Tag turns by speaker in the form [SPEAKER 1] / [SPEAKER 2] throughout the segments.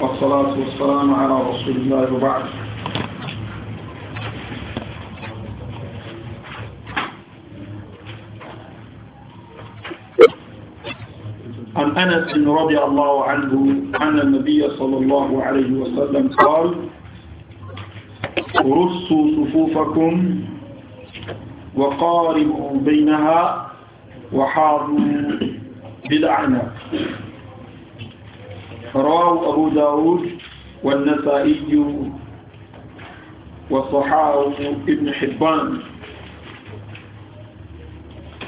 [SPEAKER 1] والصلاة والسلام على رسول الله وبعد عن أنس رضي الله عنه أن النبي صلى الله عليه وسلم قال رصوا صفوفكم وقاربوا بينها وحاضوا بالأعناق رواه أبو داود والنسائي وصحاب ابن حبان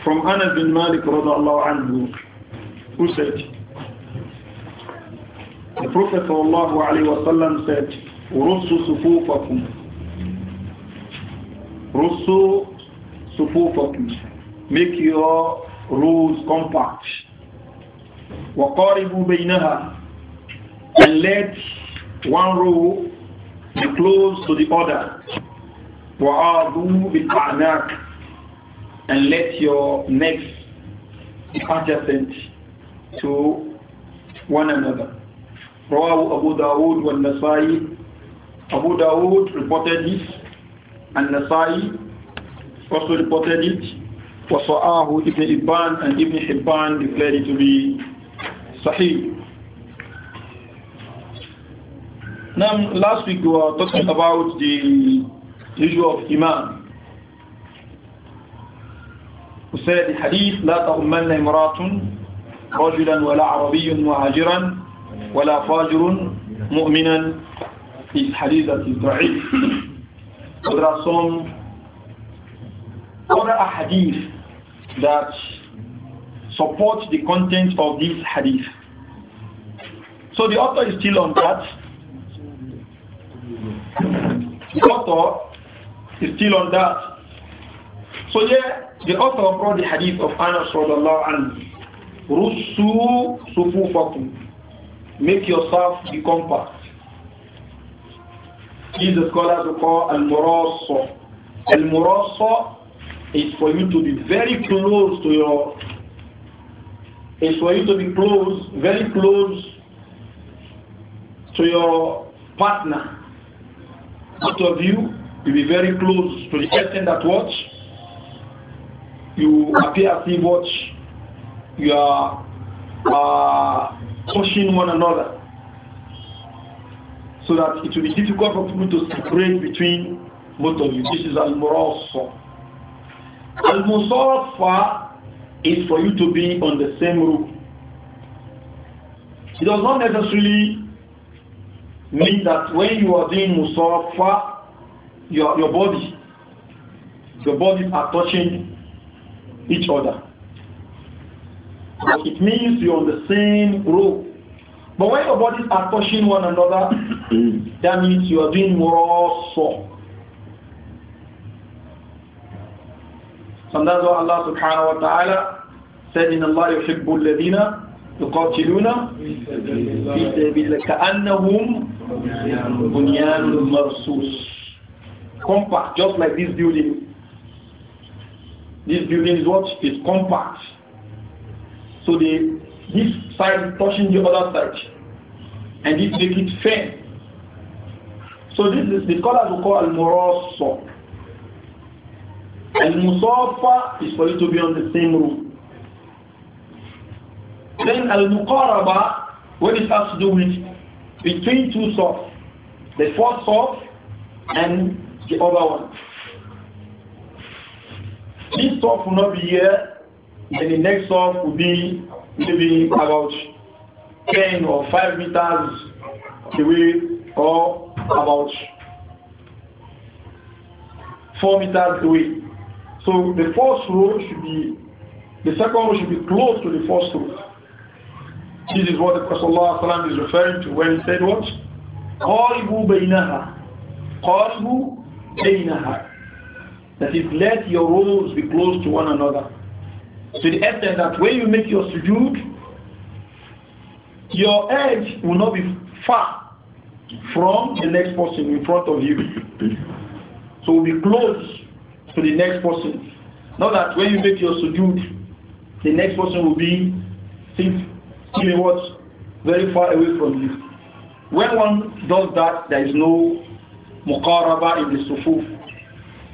[SPEAKER 1] from Anas bin Malik رضي الله عنه who said the Prophet صلى الله عليه وسلم said رصوا صفوفكم رصوا صفوفكم make your rules compact وقاربوا بينها and let one row be close to the other. وَعَادُوا بِالْأَعْنَاقِ And let your next be adjacent to one another. Abu أبو داود Nasai, Abu Dawood reported this and Nasai also reported it. وصعاه Ibn Ibban and Ibn Hibban declared it to be Sahih. Now, last week we were talking about the issue of iman. We said the hadith, لا تغمن امرأة رجلا ولا عربي مهاجرا ولا فاجر مؤمنا is hadith that is right. So there are some other hadith that support the content of this hadith. So the author is still on that. The author is still on that. So yeah, the author brought the hadith of Anas radiallahu anhu. Rusu sufufakum. Make yourself be compact. These the scholars who call al-murasa. Al-murasa is for you to be very close to your is for you to be close, very close to your partner both of you will be very close to the extent that what you appear as if watch you are uh, pushing one another so that it will be difficult for people to separate between both of you. This is al-murasa. Al-musarafa is for you to be on the same route. It does not necessarily means that when you are doing musaffa, your, your body, your bodies are touching each other. It means you're on the same rope. But when your bodies are touching one another, that means you are doing murasa. And that's what Allah subhanahu wa ta'ala said in Allah yuhibbu alladhina yuqatiluna fi sabilillah ka'annahum Bunyan Marsus. Compact, just like this building. This building is what is compact. So the this side touching the other side. And this make it fair. So this is the color we call Al-Murasa. Al-Musafa is for you to be on the same room. Then Al-Muqaraba, what it has to do with between two softs, the first soft and the other one. This soft will not be here, and the next soft will be maybe about 10 or 5 meters away or about 4 meters away. So the first row should be, the second row should be close to the first row. This is what the Prophet is referring to when he said what? قَارِبُوا بَيْنَهَا قَارِبُوا بَيْنَهَا That is, let your rows be close to one another. To the extent that when you make your sujood, your edge will not be far from the next person in front of you. So be close to the next person. Not that when you make your sujood, the next person will be six Mean what very far away from you. When one does that, there is no muqaraba in the sufuf.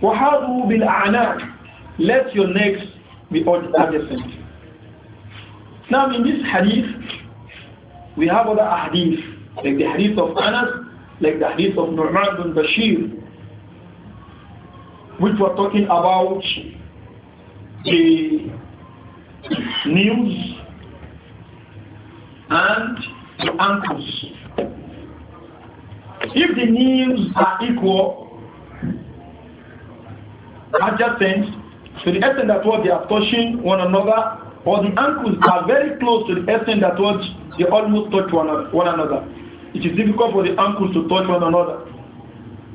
[SPEAKER 1] وَحَاذُوا بِالْأَعْنَاقِ Let your necks be adjacent. Now in this hadith, we have other hadith, like the hadith of Anas, like the hadith of Nu'man bin Bashir, which were talking about the news and the ankles. If the knees are equal, adjacent, to the extent that what they are touching one another, or the ankles are very close to the extent that what they almost touch one, one another. It is difficult for the ankles to touch one another.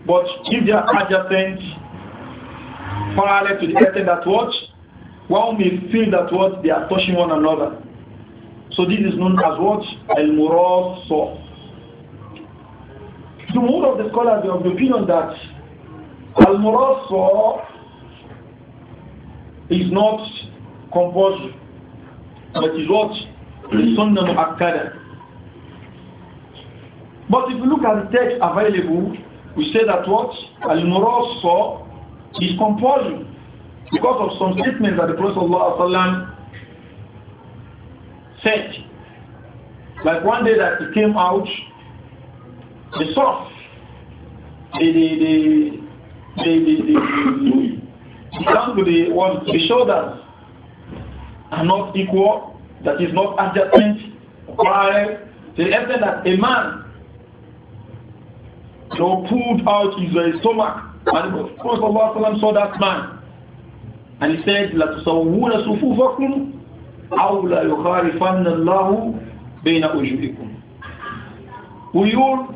[SPEAKER 1] But if they are adjacent, parallel to the extent that what one may feel that what they are touching one another. So this is known as what? Al-Murasa. The all of the scholars are of the opinion that Al-Murasa is not compulsory, but is what? Sunnah Mu'akkada. But if you look at the text available, we say that what? Al-Murasa is compulsory because of some statements that the Prophet said. Like one day that he came out, the source, the, the, the, the, the, down to the one, the shoulders are not equal, that is not adjustment, Why? the extent that a man you pulled out his uh, stomach, and the Prophet saw that man, and he said, لَتُسَوُّونَ صُفُوفَكُمْ أَوْ لَا يُخَارِفَنَّ اللَّهُ بَيْنَ أُجُبِكُمْ Will you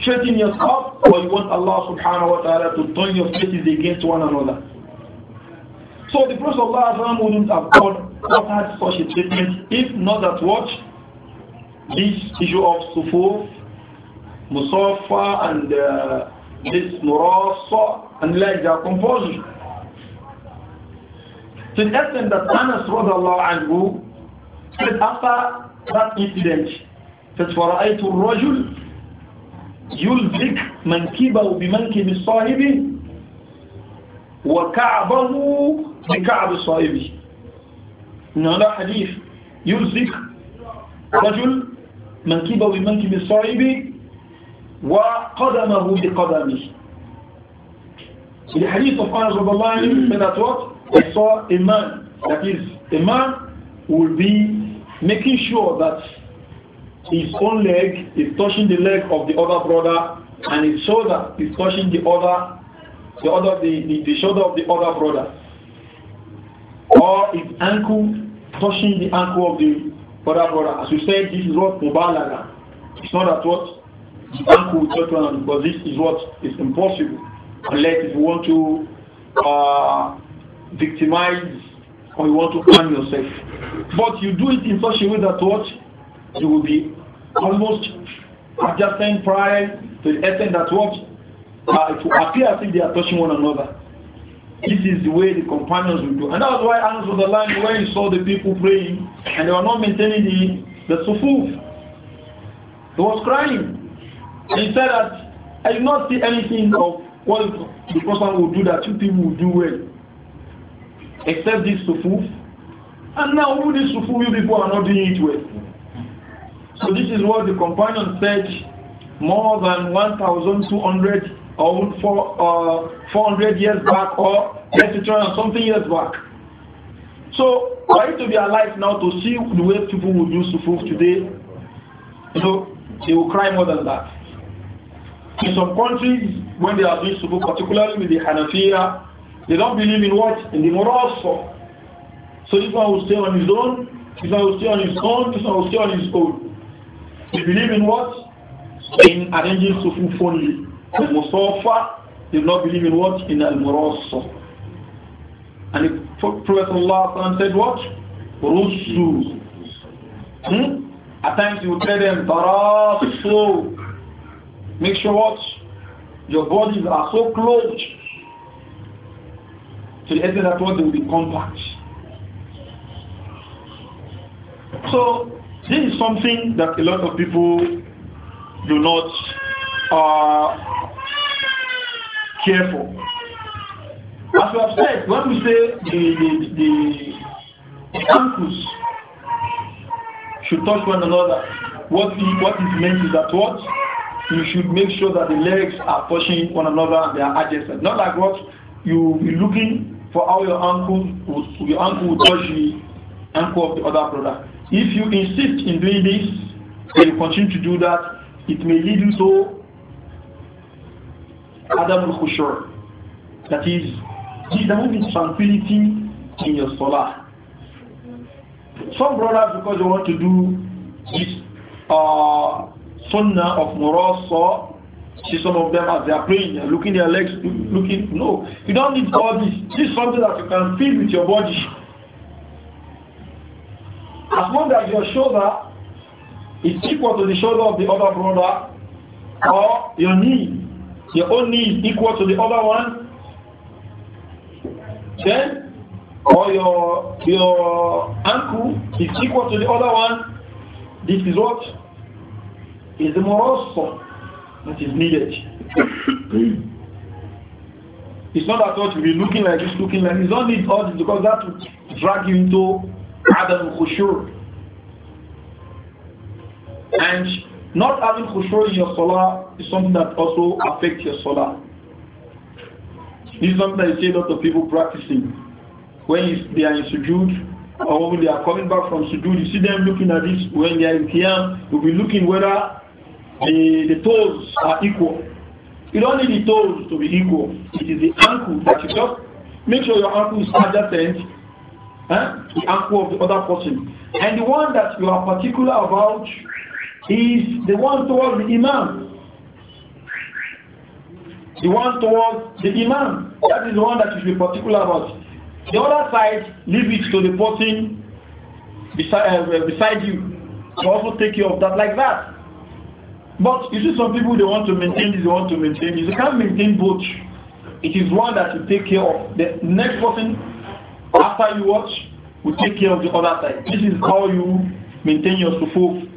[SPEAKER 1] straighten yourself or you want Allah subhanahu wa ta'ala to turn your faces against one another? So the Prophet Allah wouldn't have uttered such a treatment if not that what this issue of Sufuf, Musaffa and uh, this Murasa and like that compulsory. To the extent that Anas radiallahu anhu said after that incident, that فَرَأَيْتُ الرَّجُلِ يُلْذِكْ مَنْكِبَهُ بِمَنْكِبِ الصَّاحِبِ وَكَعْبَهُ بِكَعْبِ الصَّاحِبِ In another hadith, يُلْذِكْ رَجُلِ منكبه بمنكب الصعيب وقدمه بقدمه الحديث of Anas رضي الله عنه said that what I saw a man, that is, a man will be making sure that his own leg is touching the leg of the other brother and his shoulder is touching the other the other the, the, the shoulder of the other brother. Or his ankle touching the ankle of the other brother. As you said, this is what Mubalaga. It's not at what the ankle touch because this is what is impossible unless if you want to uh, victimize or you want to harm yourself. But you do it in such a way that what? You will be almost adjusting pride to the extent that what? Uh, it will appear as if they are touching one another. This is the way the companions will do. And that's why Anas was alive when he saw the people praying and they were not maintaining the, the sufu, He was crying. And he said that I did not see anything of what the person will do that two people would do well except this sufuf. And now all this sufuf, you people are not doing it well. So this is what the companion said, more than 1,200 or uh, 400 years back or or something years back. So for you to be alive now to see the way people would use sufuf today, you know, they will cry more than that. In some countries, when they are doing sufuf, particularly with the Hanafiya they don't believe in what? In the Murasa. So this one will stay on his own, this one will stay on his own, this one will stay on his own. They believe in what? In arranging to only. The they did not believe in what? In Al Murasa. And the Prophet Allah said what? Rusu. Hmm? At times he would tell them, Tarasu. Make sure what? Your bodies are so close to the extent that will be compact. So this is something that a lot of people do not uh, care for. As we have said, when we say the, the, the ankles should touch one another, what, we, what is meant is that what? You should make sure that the legs are touching one another and they are adjacent. Not like what you be looking for how your uncle your uncle would touch the uncle of the other brother. If you insist in doing this and you continue to do that, it may lead you to Adam al-Khushur. That is, there will be tranquility in your salah. Some brothers, because they want to do this uh, sunnah of murasa see some of them as they are praying, they're looking their legs, looking. No, you don't need all this. This is something that you can feel with your body. As long as your shoulder is equal to the shoulder of the other brother, or your knee, your own knee is equal to the other one, then or your your ankle is equal to the other one, this is what is the morosum that is needed. it's not that all you'll be looking like this, looking like this. Don't need all this because that will drag you into Adam Khushur. And not having khushur in your salah is something that also affects your salah. This is something I see a lot of people practicing. When they are in sujood, or when they are coming back from sujood, you see them looking at this. When they are in qiyam, you'll be looking whether the, the toes are equal. You don't need the toes to be equal. It is the ankle that you just make sure your ankle is adjacent huh, eh? the ankle of the other person. And the one that you are particular about is the one towards the imam. The one towards the imam. That is the one that you should be particular about. The other side, leave it to the person beside, uh, beside you to also take care of that like that. But you see some people, they want to maintain this, they want to maintain this. You can't maintain both. It is one that you take care of. The next person after you watch will take care of the other side. This is how you maintain your sufuf.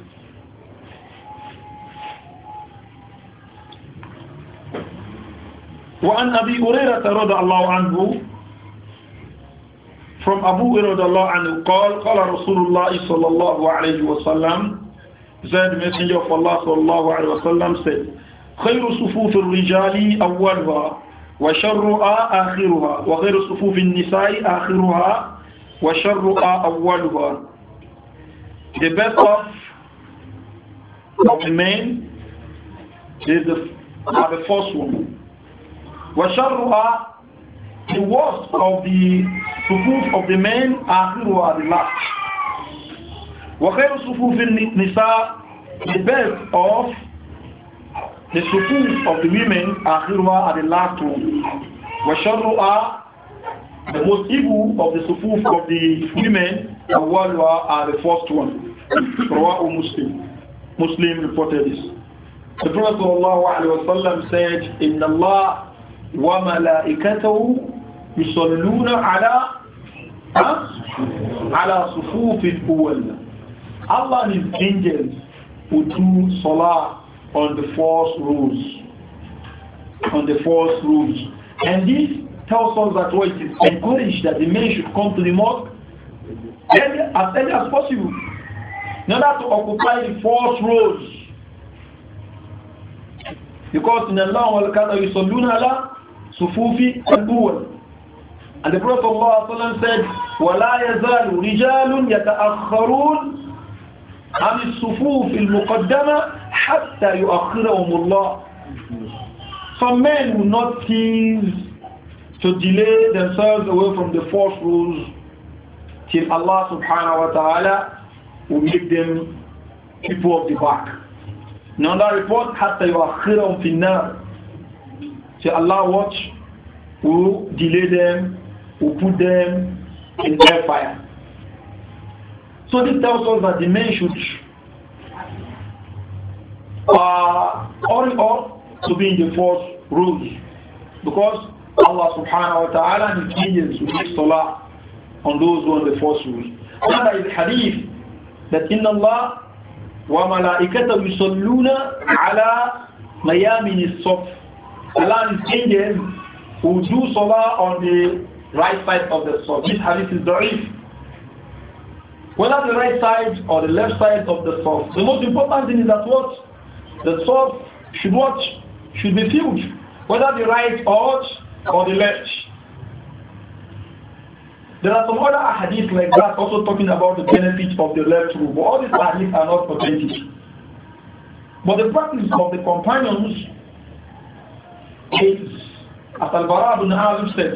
[SPEAKER 1] وعن أبي هريرة رضي الله عنه from Abu Hurairah قال قال رسول الله صلى الله عليه وسلم the Messenger of Allah sallallahu alayhi wa sallam said, خير صفوف الرجال أولها وشرها آخرها وخير صفوف النساء آخرها وشرها أولها The best of the men is the, are the first one. وشرها The worst of the صفوف of the men آخرها the last. وخير صفوف النساء the best of the sufuf of the women آخرها are the last one وشرها the most evil of the sufuf of the women أولها are the first one رواه Muslim Muslim reported this The Prophet ﷺ said, إن الله وملائكته يصلون على على صفوف الأول Allah and his angels will do salah on the false rules. On the false rules. And this tells us that well, it is encouraged that the men should come to the mosque as early as possible in order to occupy the false roads. Because in Allah Allah, kada Allah, ala sufufi and awwal And the Prophet Allah said, وَلَا يَزَالُ رِجَالٌ يَتَأَخَّرُونَ عن الصفوف المقدمة حتى يؤخرهم الله Some men will not cease to delay themselves away from the false rules till Allah subhanahu wa ta'ala will make them people of the back. In another report, حَتَّى يُؤَخِّرَهُمْ فِي النَّارِ till Allah watch, will delay them, will put them in their fire. So this tells us that the men should uh, all all to be in the fourth rule because Allah subhanahu wa ta'ala is keen make salah on those who are in the fourth rule. Now there is hadith that in Allah وَمَلَائِكَةَ Yusalluna Ala مَيَامِنِ الصَّفْ Allah and his angels do salah on the right side of the sword. This hadith is da'if. Whether the right side or the left side of the source, the most important thing is that what the source should what should be filled, whether the right or or the left. There are some other hadiths like that also talking about the benefits of the left rule, but all these hadiths are not authentic. But the practice of the companions is, as Al-Bara ibn Azim said,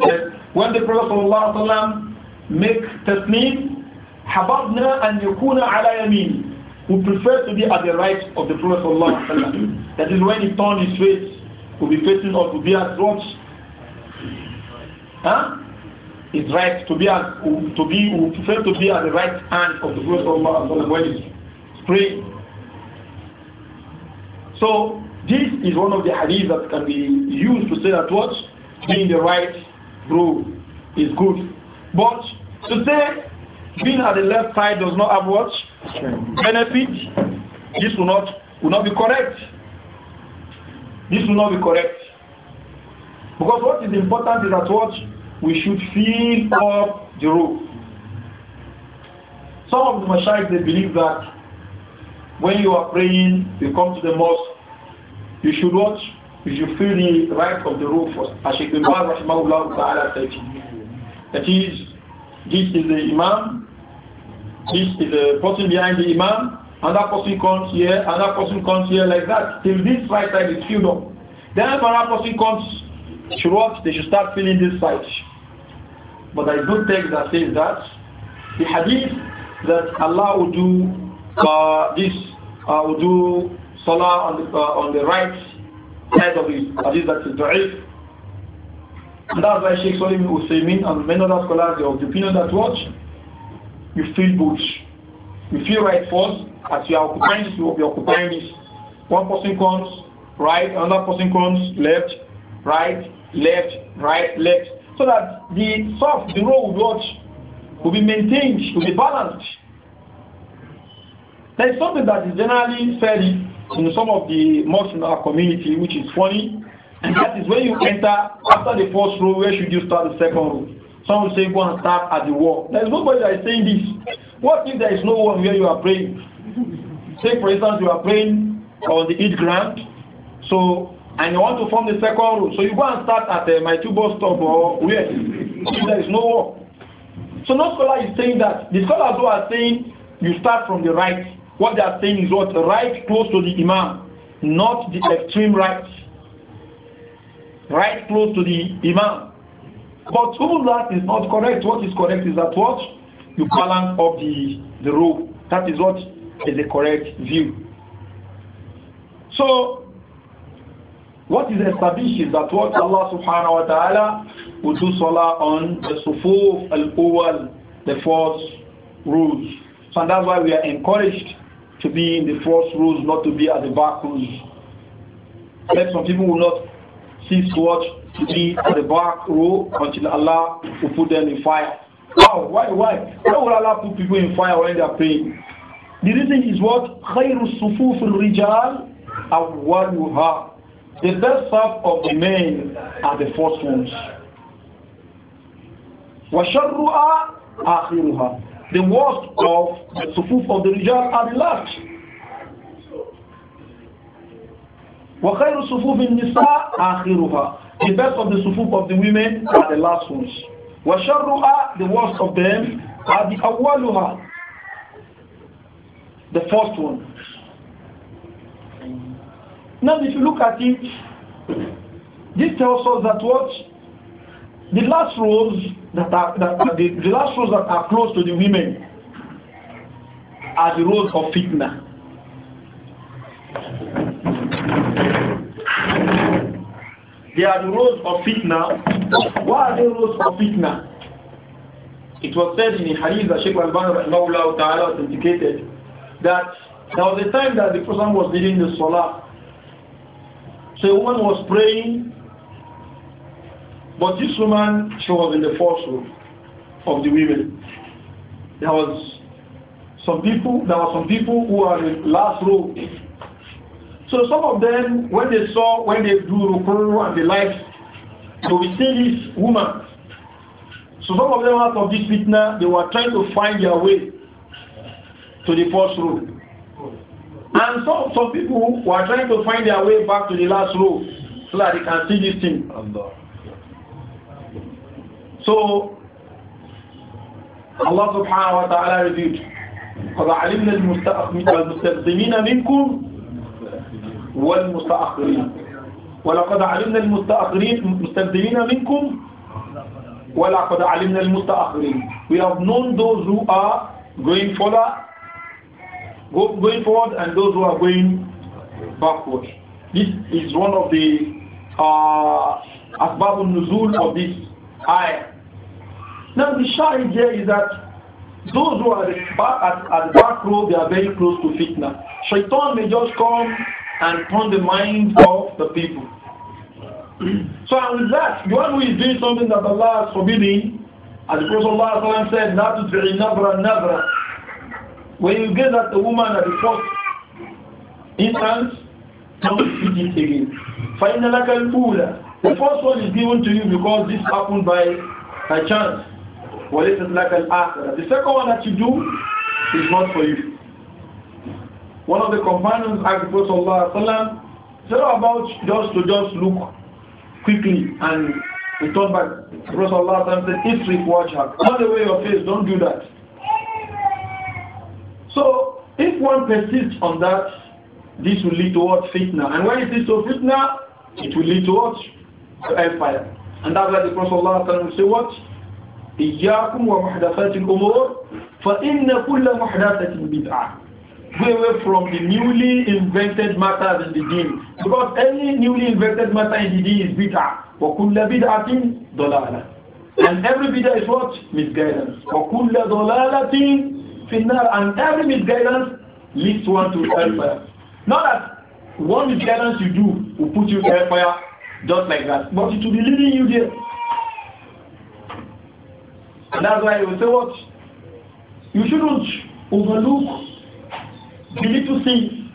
[SPEAKER 1] when the Prophet ﷺ make tasneem, Hababna and yakuna ala yamin. We prefer to be at the right of the Prophet Sallallahu That is when he turned his face, will be facing or to be at what? Huh? It's right to be at, to be, who prefer to be at the right hand of the Prophet Sallallahu when he's praying. So, this is one of the hadith that can be used to say that what? Being the right rule is good. But to say being at the left side does not have what? Benefit. This will not will not be correct. This will not be correct. Because what is important is that what we should fill up the rope. Some of the mashayikh they believe that when you are praying, you come to the mosque, you should watch, you should feel the right of the roof first. That is, this is the Imam, this is a person behind the imam, another person comes here, another person comes here, like that, till this right side is filled up. Then another person comes, should watch. They should start filling this side. But I do text that says that the hadith that Allah will do uh, this, uh, will do salah on the, uh, on the right side of the hadith that is da'if. And that's why Sheikh Solomon Usaymin and many other scholars are of the opinion that watch you feel good. You feel right first, as you are occupying this, you will be occupying this. One person comes right, another person comes left, right, left, right, left. So that the soft the road watch will be maintained, will be balanced. There is something that is generally said in some of the mosques in our community, which is funny, and that is when you enter after the first row, where should you start the second row? Some say, go and start at the wall. There is nobody that is saying this. What if there is no one where you are praying? Say, for instance, you are praying on the Eid ground, so, and you want to form the second row. So you go and start at uh, my two bus stop or where? If there is no wall. So no scholar is saying that. The scholars who are saying you start from the right. What they are saying is what? Right close to the imam, not the extreme right. Right close to the imam but all that is not correct. What is correct is that what you balance up the the rope. That is what is the correct view. So what is established is that what Allah subhanahu wa ta'ala will do salah on the sufuf al-awwal, the fourth rules. So that's why we are encouraged to be in the first rules, not to be at the back rules. some people will not see to watch to be at the back row until Allah will put them in fire. Wow, why, why? Why would Allah put people in fire when they are praying? The reason is what? خَيْرُ الصُّفُوفِ الرِّجَالِ أَوَّلُهَا The best half of the men are the first ones. وَشَرُّهَا آخِرُهَا The worst of the sufuf of the rijal are the last. وَخَيْرُ صُفُوفِ النِّسَاءِ آخِرُهَا the best of the sufuf of the women are the last ones. Washarruha, the worst of them, are the awaluha, the first one. Now, if you look at it, this tells us that what the last rows that are, that are the, the last rows that are close to the women are the rows of fitna. They are the rules of fitna. Why are they rules of fitna? It was said in the hadith that Sheikh Al-Bani Ta'ala authenticated that there was a time that the person was leading the salah. So a woman was praying, but this woman, she was in the fourth row of the women. There was some people, there were some people who are in the last row so some of them, when they saw, when they do rukuru and the like, so we see this woman. So some of them out of this fitna, they were trying to find their way to the first row. And some, some people were trying to find their way back to the last row so that they can see this thing. So Allah subhanahu wa ta'ala revealed قد علمنا والمتأخرين ولقد علمنا المستأخرين مستبدلين منكم ولقد علمنا المستأخرين we have known those who are going forward going forward and those who are going backward this is one of the uh, asbab nuzul of this ayah now the shahid here is that those who are at, at, at the back row they are very close to fitna shaitan may just come and turn the mind of the people. so and with that, the one who is doing something that Allah is forbidding, as the Prophet Allah said, not to nabra nabra. When you get that the woman at the first instance, don't feed it again. Find The first one is given to you because this happened by, by chance. The second one that you do is not for you. One of the companions asked Prophet Sallallahu said about just to just look quickly and return back. Prophet Sallallahu said, Isrif wajhak. Turn away your face, don't do that. So, if one persists on that, this will lead towards fitna. And when it leads to fitna, it will lead towards empire, And that's why the Prophet ﷺ will say what? إِيَّاكُمْ وَمُحْدَثَاتِ الْأُمُورِ فَإِنَّ كُلَّ مُحْدَثَةٍ بِدْعَةٍ stay away from the newly invented matters in the deen. Because any newly invented matter in the deen is bid'ah. وَكُلَّ بِدْعَةٍ ضَلَالَةٍ And every bid'ah is what? Misguidance. وَكُلَّ ضَلَالَةٍ فِي النَّارِ And every misguidance leads one to hellfire. Not that one misguidance you do will put you to hellfire just like that. But it will be leading you there. And that's why I will say what? You shouldn't overlook the little things.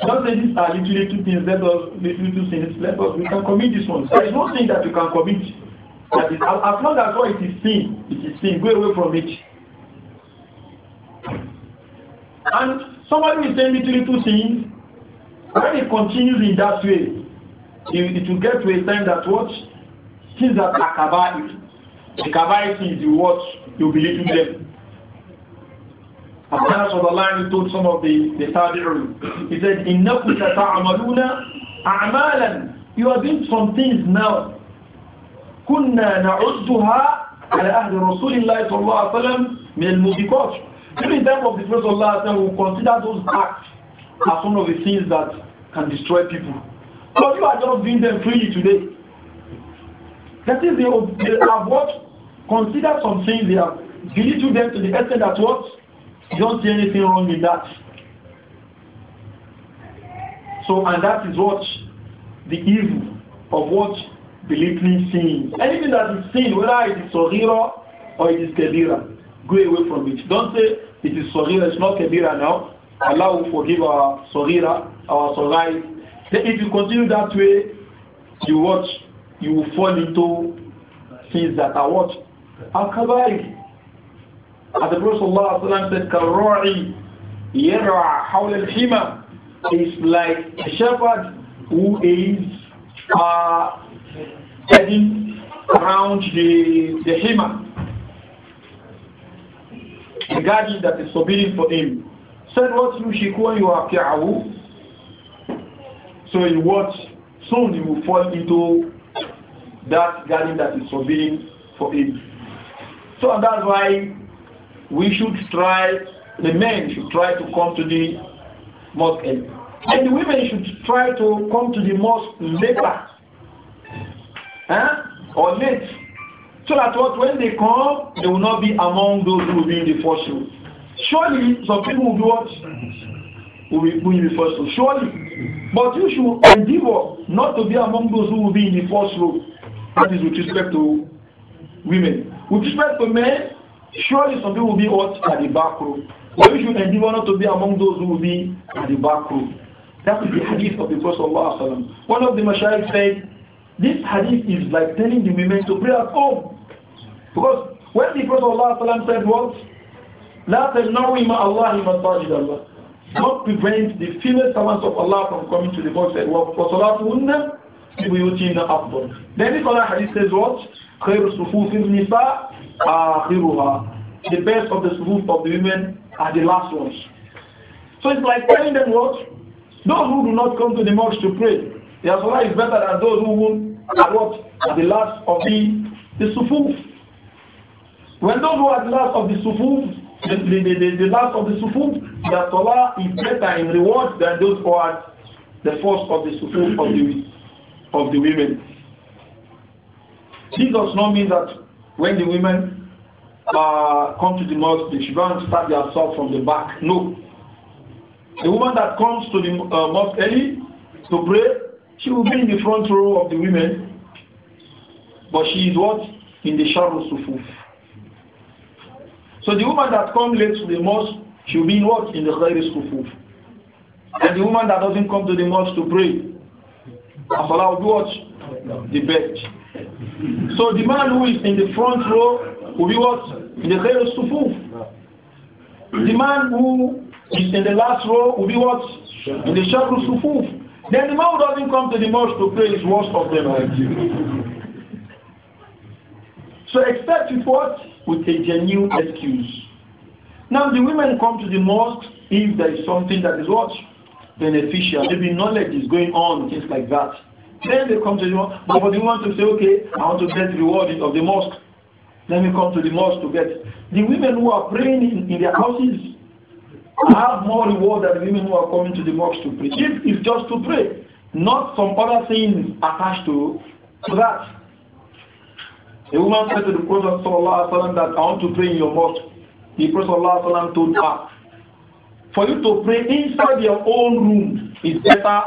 [SPEAKER 1] Don't say these are little little things, let us little little things, let us we can commit this one. There is no that you can commit. That is as long as what it is sin, it is sin. Go away from it. And somebody will say little little things. When it continues in that way, it, it will get to a time that what things that are kabbalah, the kabbalah things you watch, you believe in them. Abdullah sallallahu told some of the, the tabi'un, he said, إِنَّكُمْ تَتَعْمَلُونَ أَعْمَالًا You are doing some things now. كُنَّا نَعُدُّهَا على أهل رسول الله صلى الله عليه وسلم من الموبقات. During the time of the Prophet of Allah, عليه وسلم, consider those acts as one of the things that can destroy people. But you are just doing them freely today. That is, they, they have what? Consider some things they have belittled them to the extent that what? You don't see anything wrong in that. So, and that is what the evil of what believing sin Anything that is sin, whether it is Sorira or it is Kabira, go away from it. Don't say it is Sorira, it's not Kabira now. Allah will forgive our Sorira, our Sorai. If you continue that way, you watch, you will fall into sins that are what? Akabai. And the Prophet ﷺ said, Karra'i yara hawla al-hima is like a shepherd who is uh, heading around the, the hima, the garden that is forbidden for him. Said, what you shikwa you are ki'ahu? So he what? Soon he will fall into that garden that is forbidden for him. So that's why we should try, the men should try to come to the mosque early. And the women should try to come to the mosque later. Huh? Or late. So that what when they come, they will not be among those who will be in the first row. Surely some people will do what? Will be, will be first row. Surely. But you should endeavor not to be among those who will be in the first row. That is with respect to women. With respect to men, Surely some people will be what at the back row. Why you should endeavor not to be among those who will be at the back row. That is the hadith of the Prophet. One of the Mashaykh said, This hadith is like telling the women to pray at home. Because when the Prophet said what? That is تجنعوا مع الله مساجد الله not prevent the female servants of Allah from coming to the mosque and work for salatuhunna buyutina afdal. Then this other hadith says what? خير صفوف النساء akhiruha. The best of the group of the women are the last ones. So it's like telling them what? Those who do not come to the mosque to pray, their salah is better than those who are what? Are the last of the, the sufuf. When those who are the last of the sufuf, the, the, the, the last of the sufuf, their salah is better in reward than those who are the first of the sufuf of the, of the women. This does not mean that when the women uh, come to the mosque, they should not start their assault from the back. No. The woman that comes to the uh, mosque early to pray, she will be in the front row of the women, but she is what? In the shadow sufuf. So the woman that comes late to the mosque, she will be in what? In the khairis sufuf. And the woman that doesn't come to the mosque to pray, Allah will do what? The best. So the man who is in the front row will be what? In the khayr sufu. The man who is in the last row will be what? In the Shakur sufu. Then the man who doesn't come to the mosque to pray is worst of them. So except with what? With a genuine excuse. Now the women come to the mosque if there is something that is what? Beneficial. Maybe knowledge is going on, things like that. Then they come to you, But for the woman to say, okay, I want to get rewarded of the mosque. Let me come to the mosque to get. The women who are praying in, in their houses have more reward than the women who are coming to the mosque to pray. If it's just to pray, not some other things attached to, to that. A woman said to the Prophet وسلم that I want to pray in your mosque. The Prophet وسلم told her, for you to pray inside your own room is better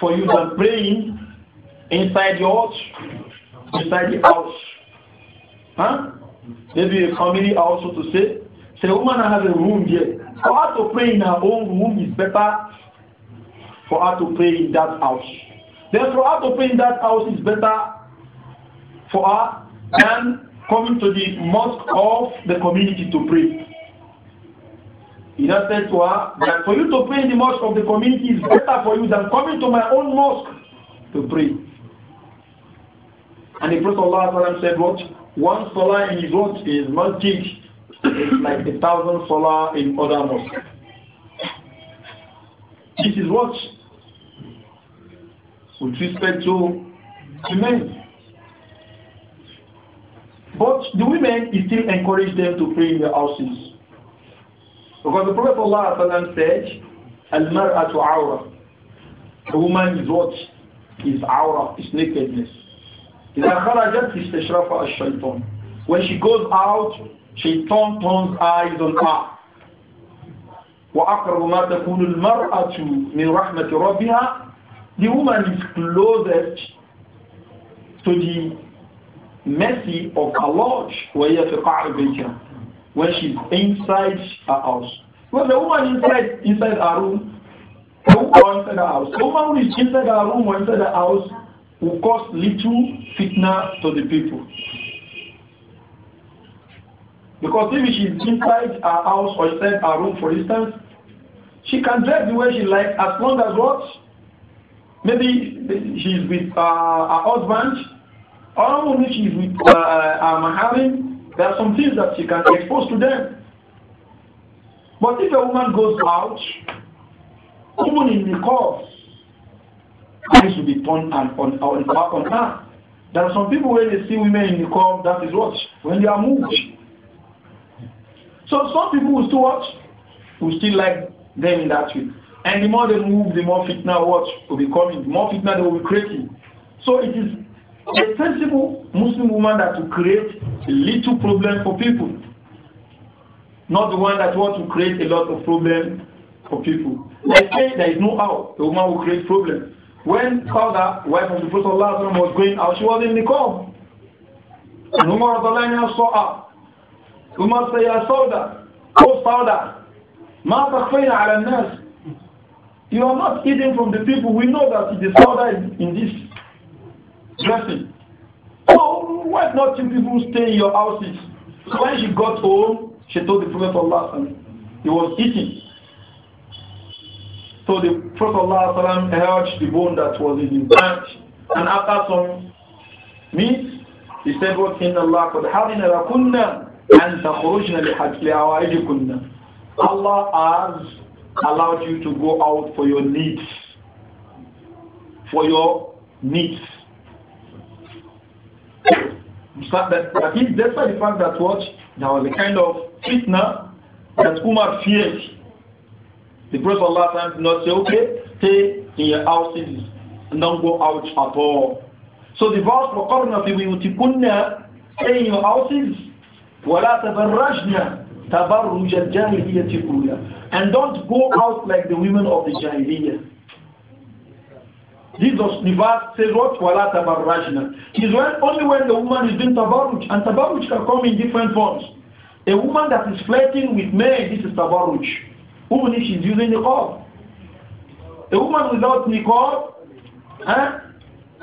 [SPEAKER 1] for you to praying inside your house, inside the house. Huh? Maybe a family house, to say. Say, woman has a room here. For her to pray in her own room is better for her to pray in that house. Then for her to pray in that house is better for her than coming to the mosque of the community to pray. He just said to her that for you to pray in the mosque of the community is better for you than coming to my own mosque to pray. And the Prophet Allah said what? One salah in his own is his is like a thousand salah in other mosques. This is what? With respect to the men. But the women, he still encourage them to pray in their houses. Because the Prophet ﷺ said, Al-mar'atu awra. The woman is what? Is awra, is nakedness. إِذَا خَرَجَتْ إِسْتَشْرَفَ الشَّيْطَانِ When she goes out, shaitan turns eyes on her. وأقرب ما تكون المرأة من رحمة ربها the woman is closest to the mercy of Allah وهي في قعر بيتها when she's inside her house. when the woman inside inside her room, the inside the house, the woman who is inside her room or inside the house will cause little fitna to the people. Because if she's inside her house or inside her room, for instance, she can dress the way she likes as long as what? Maybe she's with uh, her husband, or maybe she's with uh, her husband. There are some things that she can expose to them. But if a woman goes out, even in the course, eyes will be turned and on, on, back on her. There are some people when they see women in the course, that is what? When they are moved. So some people will still watch, will still like them in that way. And the more they move, the more fitna watch will be coming, the more fitna they will be creating. So it is a sensible Muslim woman that will create little problem for people, not the one that wants to create a lot of problem for people. They say there is no how the woman will create problem. When Sauda, wife of the Prophet was going out, she was in the car. And Umar saw her. Umar said, Ya Sauda, O Sauda, Ma takfayna ala nas. You are not eating from the people. We know that the Sauda is in this dressing. So why not you people stay in your houses? So when she got home, she told the Prophet Allah he was eating. So the Prophet Allah held the bone that was in his hand and after some meat, he said, What in Allah قد حرنا لكنا أن تخرجنا لحوائجكن Allah has allowed you to go out for your needs. For your needs. That, that is despite the fact that what there was a kind of fitna that Umar feared. The Prophet Allah did not say, okay, stay in your houses and don't go out at all. So the verse for Qarna fi buyutikunna, stay in your houses, وَلَا تَبَرَّجْنَا تَبَرُّجَ الْجَاهِلِيَّةِ الْأُولَى And don't go out like the women of the Jahiliyyah. Jesus, the verse says what? Wala about Is when, only when the woman is doing tabarruj. And tabarruj can come in different forms. A woman that is flirting with men, this is tabarruj. Even if she's using niqab. A woman without niqab, eh?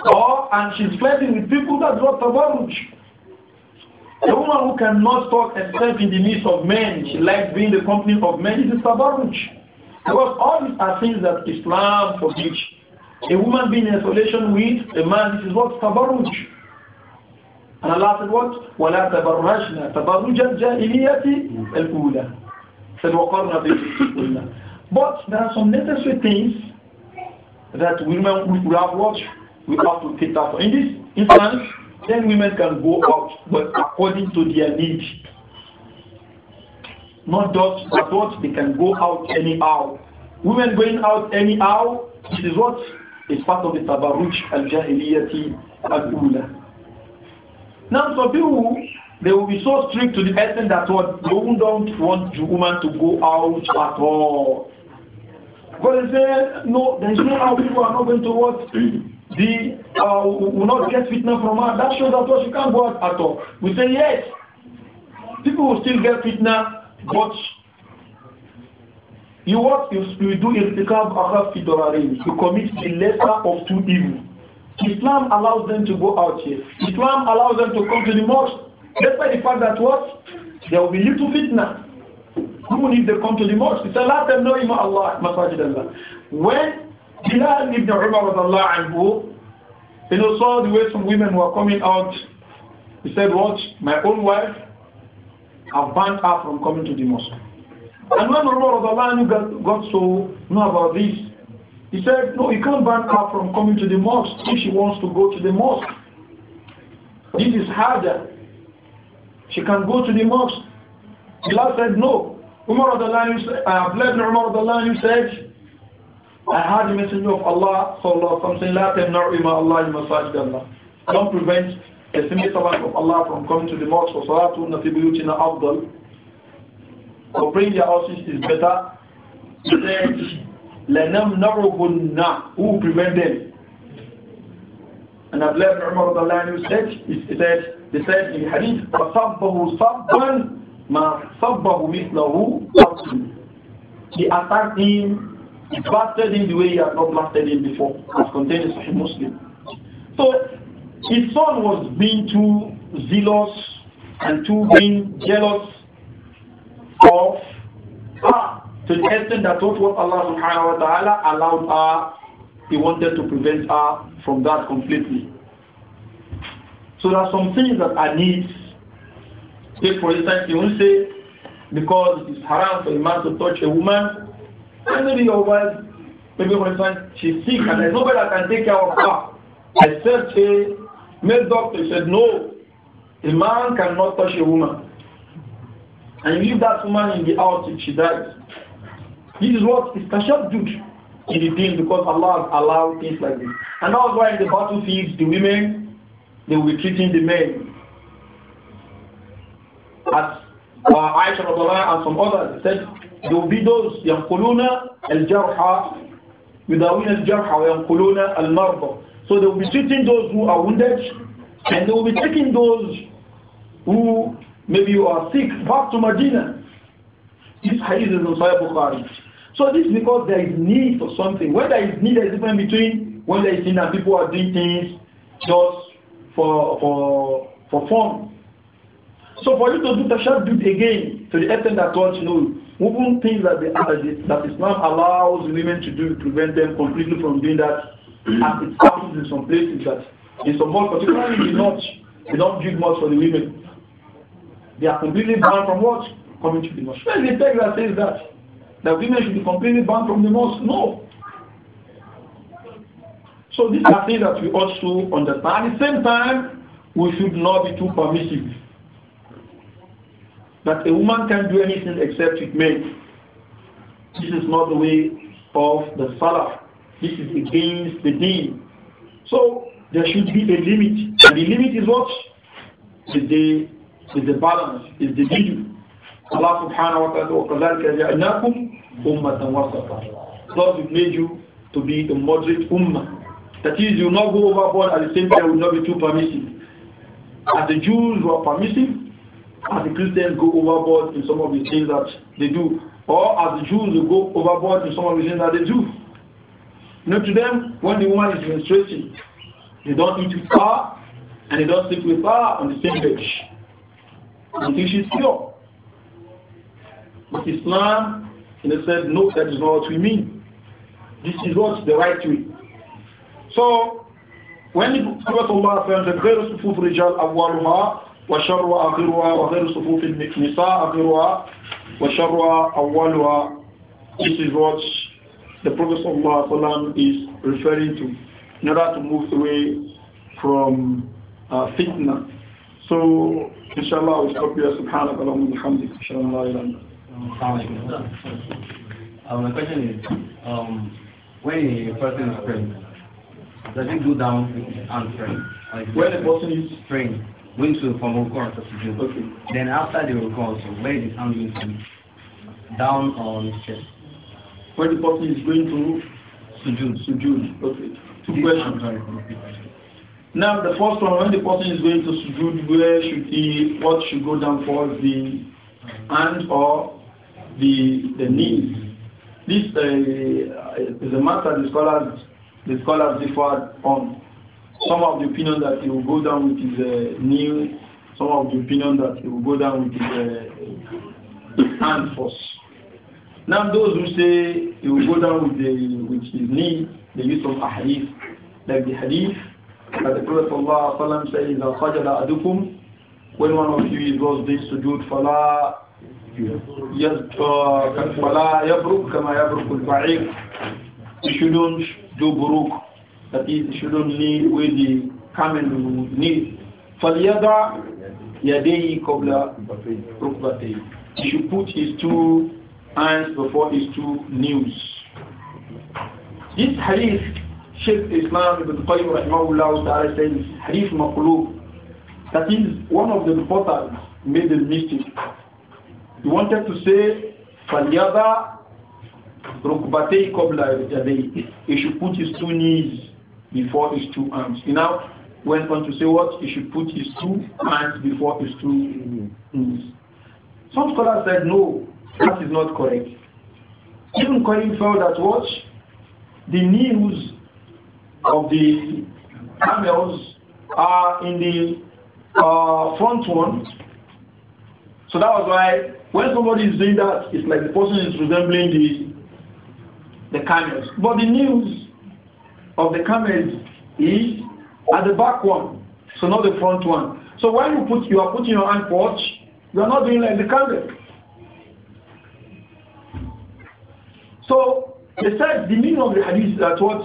[SPEAKER 1] or, and she's flirting with people, that's not tabarruj. A woman who cannot talk except in the midst of men, she likes being the company of men, this is tabarruj. Because all these are things that Islam forbids. A woman being in isolation with a man, this is what? Tabarruj. And Allah said what? وَلَا تَبَرَّجْنَا تَبَرُّجَ الْجَاهِلِيَّةِ الْأُولَى said بِالْأُولَى But there are some necessary things that women who have watched, we have to cater that. In this instance, then women can go out, but according to their need. Not just but what they can go out anyhow. Women going out anyhow, this is what is part of the Tabaruj al-Jahiliyyati al-Ula. Now some people, they will be so strict to the extent that what they don't want the woman to go out at all. But they say, no, there is no how people are not going to what the uh, will not get fitna from her. That shows that what she can't go out at all. We say yes. People will still get fitna, but you what you, you do irtikab akhaf fi dararin. You commit the lesser of two evils. Islam allows them to go out here. Islam allows them to come to the mosque. Despite the fact that what? There will be little fitna. Who if they come to the mosque, it's lot. them know Imam Allah, Masajid Allah. When Bilal ibn Umar anhu, you know, saw the way some women were coming out, he said, What? My own wife, I've banned her from coming to the mosque. And when Umar got, got to know about this, he said, no, you can't ban her from coming to the mosque if she wants to go to the mosque. This is harder. She can go to the mosque. Allah said, no. Umar uh, blessed Umar said, I heard the messenger of Allah sallallahu alaihi wasallam saying, Allah. Don't prevent the single of Allah from coming to the mosque for salatun nafibuyutina afdal or bring their horses is better. let them Lanam who prevent them? And I've left Umar the line who said, he said, he said in Hadith, فَصَبَّهُ صَبًّا مَا صَبَّهُ مِثْلَهُ صَبًّا He attacked him, he blasted him the way he had not blasted him before, as contained in Sahih Muslim. So, his son was being too zealous and too being jealous of her ah, to the extent that what Allah subhanahu wa ta'ala allowed her, he wanted to prevent her from that completely. So there are some things that are needs. Take for instance, you will say because it is haram for a man to touch a woman, and maybe your wife, maybe for instance, she's sick and there's nobody that can take care of her. I said, a male doctor said, no, a man cannot touch a woman and leave that woman in the house if she dies. This is what is duty in the deen because Allah has allowed things like this. And that's why in the battlefields, the women, they will be treating the men as uh, Aisha and some others said, there will be those يَنْقُلُونَ الْجَرْحَ يُدَوِينَ الْجَرْحَ وَيَنْقُلُونَ الْمَرْضَ So they will be treating those who are wounded and they will be taking those who Maybe you are sick. Back to Medina. This hadith is in Sahih Bukhari. So this is because there is need for something. When there is need, there is difference between when there is need and people are doing things just for for for fun. So for you to do tashabbud again to the extent that God you know, moving things that the that Islam allows women to do prevent them completely from doing that. and it happens in some places that in some more particularly in the north, they don't give much for the women. They are completely banned from what? Coming to the mosque. Where is the text that says that? That women should be completely banned from the mosque? No. So these are things that we also understand. At the same time, we should not be too permissive. That a woman can't do anything except with men. This is not the way of the Salaf. This is against the deen. So there should be a limit. And the limit is what? The day is the balance, is the middle. Allah subhanahu wa ta'ala, وَكَذَلْكَ جَعْنَاكُمْ أُمَّةً وَسَطًا Thus we made you to be a moderate ummah. That is, you will not go overboard at the same time, will not be too permissive. As the Jews were permissive, as the Christians go overboard in some of the things that they do, or as the Jews will go overboard in some of the things that they do. You know, to them, when the woman is menstruating, they don't eat with her and they don't sleep with her on the same bed until she's pure. But Islam, in a sense, no, that is not what we mean. This is what the right way. So, when the Prophet Allah said, the غير صفوف رجال أولها وشر آخرها وغير صفوف النساء آخرها وشر أولها This is what the Prophet Allah is referring to in order to move away from uh, fitna so, inshallah, we'll stop here. Subhanaka Allahumma bihamdik. Um, my question is, um, when a person is praying, does he go down and pray? Like when a person is praying, going to from Rukun to Sujud. Okay. Then after the Rukun, so where is hand going to? Down on his chest. When the person is going to? Sujud. Sujud. Okay. Two questions. Now, the first one, when the person is going to sujood, where should he, what should go down for the hand or the the knees? This uh, is a matter the scholars the scholars differed on. Some of the opinion that he will go down with his uh, knee, some of the opinion that he will go down with his uh, hand first. Now, those who say he will go down with the with his knee, they use of hadith, like the hadith that the Prophet ﷺ says, "Sajada adukum." When one of you is was this sujood, fala fala yabruk kama yabruk al-ba'ir. You shouldn't do buruk. That is, you shouldn't knee with the camel knee. فَلْيَضَعْ يَدَيْهِ قَبْلَ رُكْبَتَيْهِ He should put his two hands before his two knees. This hadith Sheikh Islam Ibn Qayyim rahimahullah ta'ala says hadith maqlub that is one of the reporters made a mistake he wanted to say falyada rukbatay qabla rijlay he should put his two knees before his two arms he now went on to say what he should put his two hands before his two knees some scholars said no that is not correct even Qayyim found that what the knees of the camels are in the uh, front one. So that was why when somebody is doing that, it's like the person is resembling the the camels. But the news of the camels is at the back one, so not the front one. So when you put you are putting your hand watch, you are not doing like the camel. So they said the meaning of the hadith is that what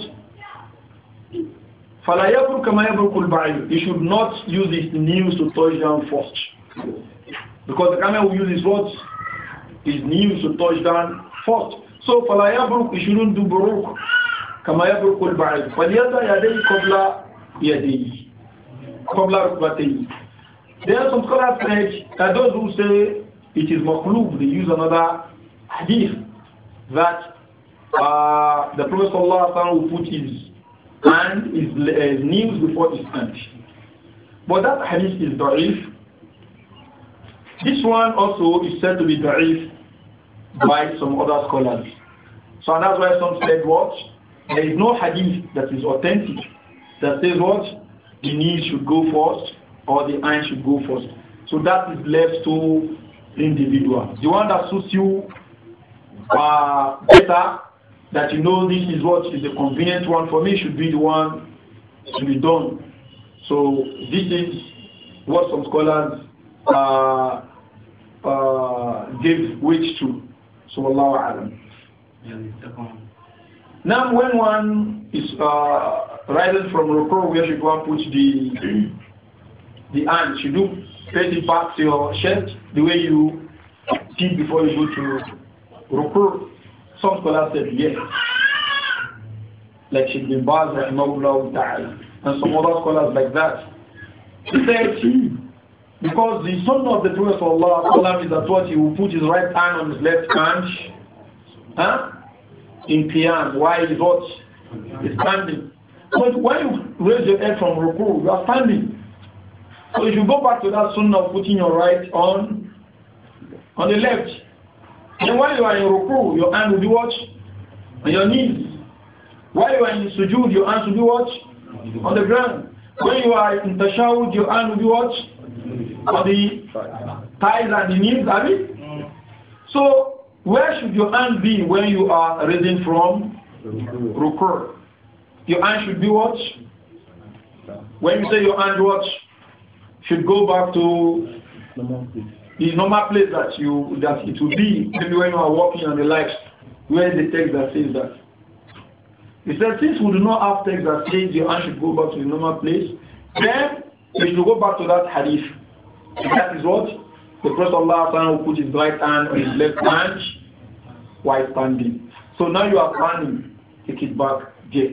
[SPEAKER 1] فَلَا كَمَا يَبْرُكُ You should not use his nails to touch down first. Because the camel will use his what? His nails to touch down first. So فَلَا يَبْرُكُ You shouldn't do buruk. كَمَا يَبْرُكُ الْبَعِيدُ فَلْيَدَ يَدَيْهِ قَبْلَ يَدَيْهِ قَبْلَ رُكْبَتَيْهِ There are some scholars said that those who say it is makhlub, they use another hadith that uh, the Prophet will put his and is uh, kneels before his hand. But that hadith is da'if. This one also is said to be da'if by some other scholars. So that's why some said what? There is no hadith that is authentic that says what? The knee should go first or the hand should go first. So that is left to the individual. The one that suits you uh, better that you know this is what is a convenient one for me should be the one to be done. So this is what some scholars uh, uh, give weight to. So Allah now when one is uh, rising from Rukro, where should one put the the hand? Should you place it back to your chest the way you did before you go to Rukro? Some scholars said yes, like Sheikh bin Baz and some other scholars like that. He said, because the son of the Prophet Allah is that what he will put his right hand on his left hand huh? in Qiyam while he's what? He's standing. But when you raise your head from Ruku, you are standing. So if you go back to that sunnah of putting your right on on the left, and while you are in ruku, your hand will be what? On your knees. While you are in sujud, your hand will be what? On the ground. When you are in tashahud, your hand will be what? On the thighs and the knees, have it? So, where should your hand be when you are raising from ruku? Your hand should be what? When you say your hand what? Should go back to the normal place that you that it will be maybe when you are walking on the light where the text that says that he said since we do not have text that says your hand should go back to the normal place then we should go back to that hadith that is what the prophet allah will put his right hand on his left hand while standing so now you are standing take it back there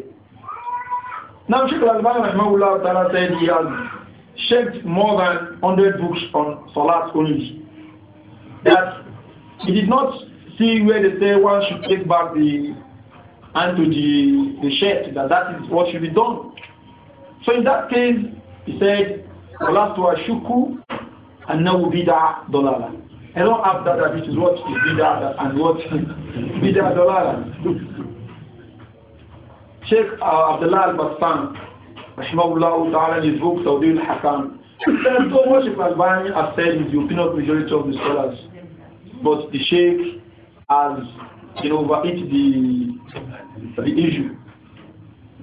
[SPEAKER 1] now Sheikh Al-Bani said he has shed more than 100 books on Salat only. That he did not see where they say one should take back the hand to the, the shed, that that is what should be done. So in that case, he said, Salatu Ashuku, and now Bida Dolala. I don't have that, that is what is Bida and what Bida Dolala. Sheikh uh, Abdullah al-Bastan, Rahimahullah Ta'ala in his book Tawdil Hakam. So much of Albani has said is the opinion of majority of the scholars. But the Sheikh has you know overhit the the issue.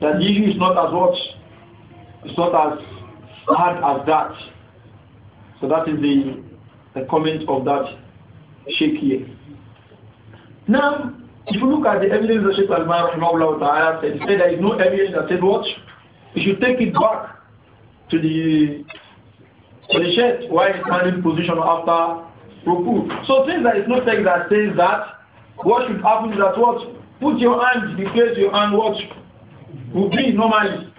[SPEAKER 1] That the issue is not as much it's not as hard as that. So that is the the comment of that Sheikh here. Now if you look at the evidence of Sheikh Al-Mahdi, he said there is no evidence that said what? You should take it back to the to the shirt while standing position after roku. So since there is no text that says that, what should happen is that what put your hand, replace your hand, what will be normally.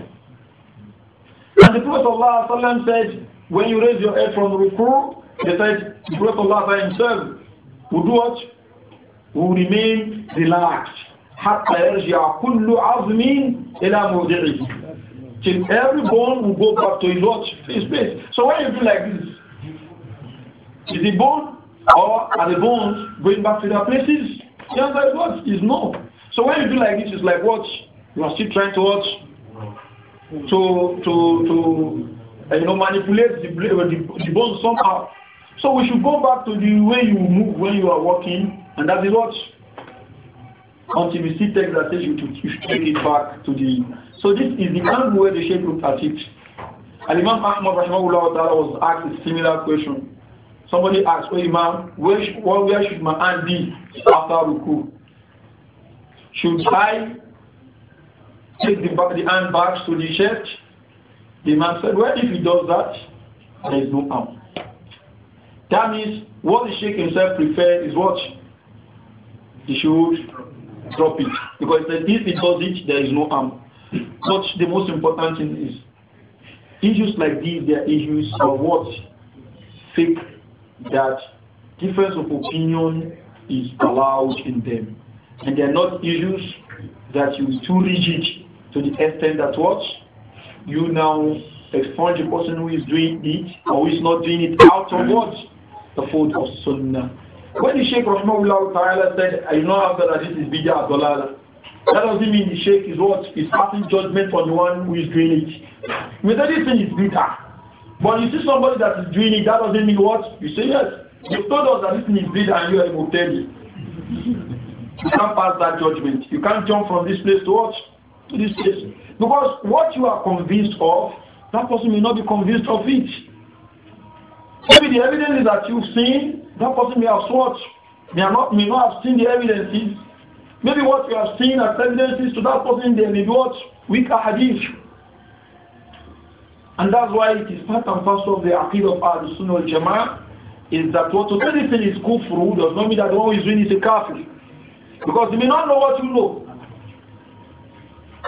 [SPEAKER 1] And the Prophet Allah said, when you raise your head from roku, he said the Prophet Allah himself will do what? Will remain relaxed. حتى يرجع كل عظم إلى موضعه till every bone will go back to its place. So when you do like this, is the bone or are the bones going back to their places? The answer is what? Is no. So when you do like this, it's like watch. You are still trying to watch to to to uh, you know manipulate the, the, the bones somehow. So we should go back to the way you move when you are walking, and that is what until you see text that says you should, you should take it back to the. So this is the angle where the Sheikh looked at it. And Imam Ahmad Rahimahullah was asked a similar question. Somebody asked, well, Imam, where, should, where should my hand be after Ruku? Should I take the, the hand back to the church? The man said, well, if he does that, there is no harm. That means what the Sheikh himself preferred is what? He should drop it. Because if it does it, there is no harm. But the most important thing is issues like these, they are issues of what? Fake that difference of opinion is allowed in them. And they are not issues that you too rigid to the extent that what? You now expunge the person who is doing it or who is not doing it out of what? The fold of Sunnah. When the Sheikh Rahmahullah Ta'ala said, I know after that this is Bidya Abdullah, that doesn't mean the Sheikh is what? Is passing judgment on the one who is doing it. With anything is bitter. But you see somebody that is doing it, that doesn't mean what? You say yes. You told us that this thing is bitter and you are able to tell You can't pass that judgment. You can't jump from this place to what? To this place. Because what you are convinced of, that person may not be convinced of it. Maybe the evidence that you've seen that person may have swatched, may, have not, may not have seen the evidences. Maybe what you have seen as evidences to that person, they may watch weaker hadith. And that's why it is part and parcel of the appeal of al Sunnah al-Jama'ah is that what to anything is kufru does not mean that the one who is doing is a kafir. Because you may not know what you know.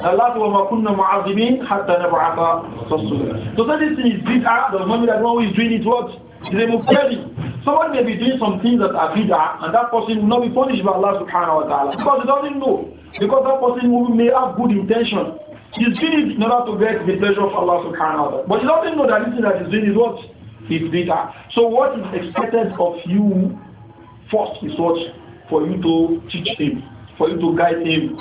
[SPEAKER 1] Allah wa mu'azimin hatta nab'atha So anything is bid'ah does not mean that the one who is doing it what? is a muftari. Someone may be doing some things that are bid'ah, and that person will not be punished by Allah subhanahu wa ta'ala because he doesn't know. Because that person may have good intention. He's doing it in order to get the pleasure of Allah subhanahu wa ta'ala. But he doesn't know that this thing that he's doing is what? It's bid'ah. So what is expected of you first is what? For you to teach him, for you to guide him,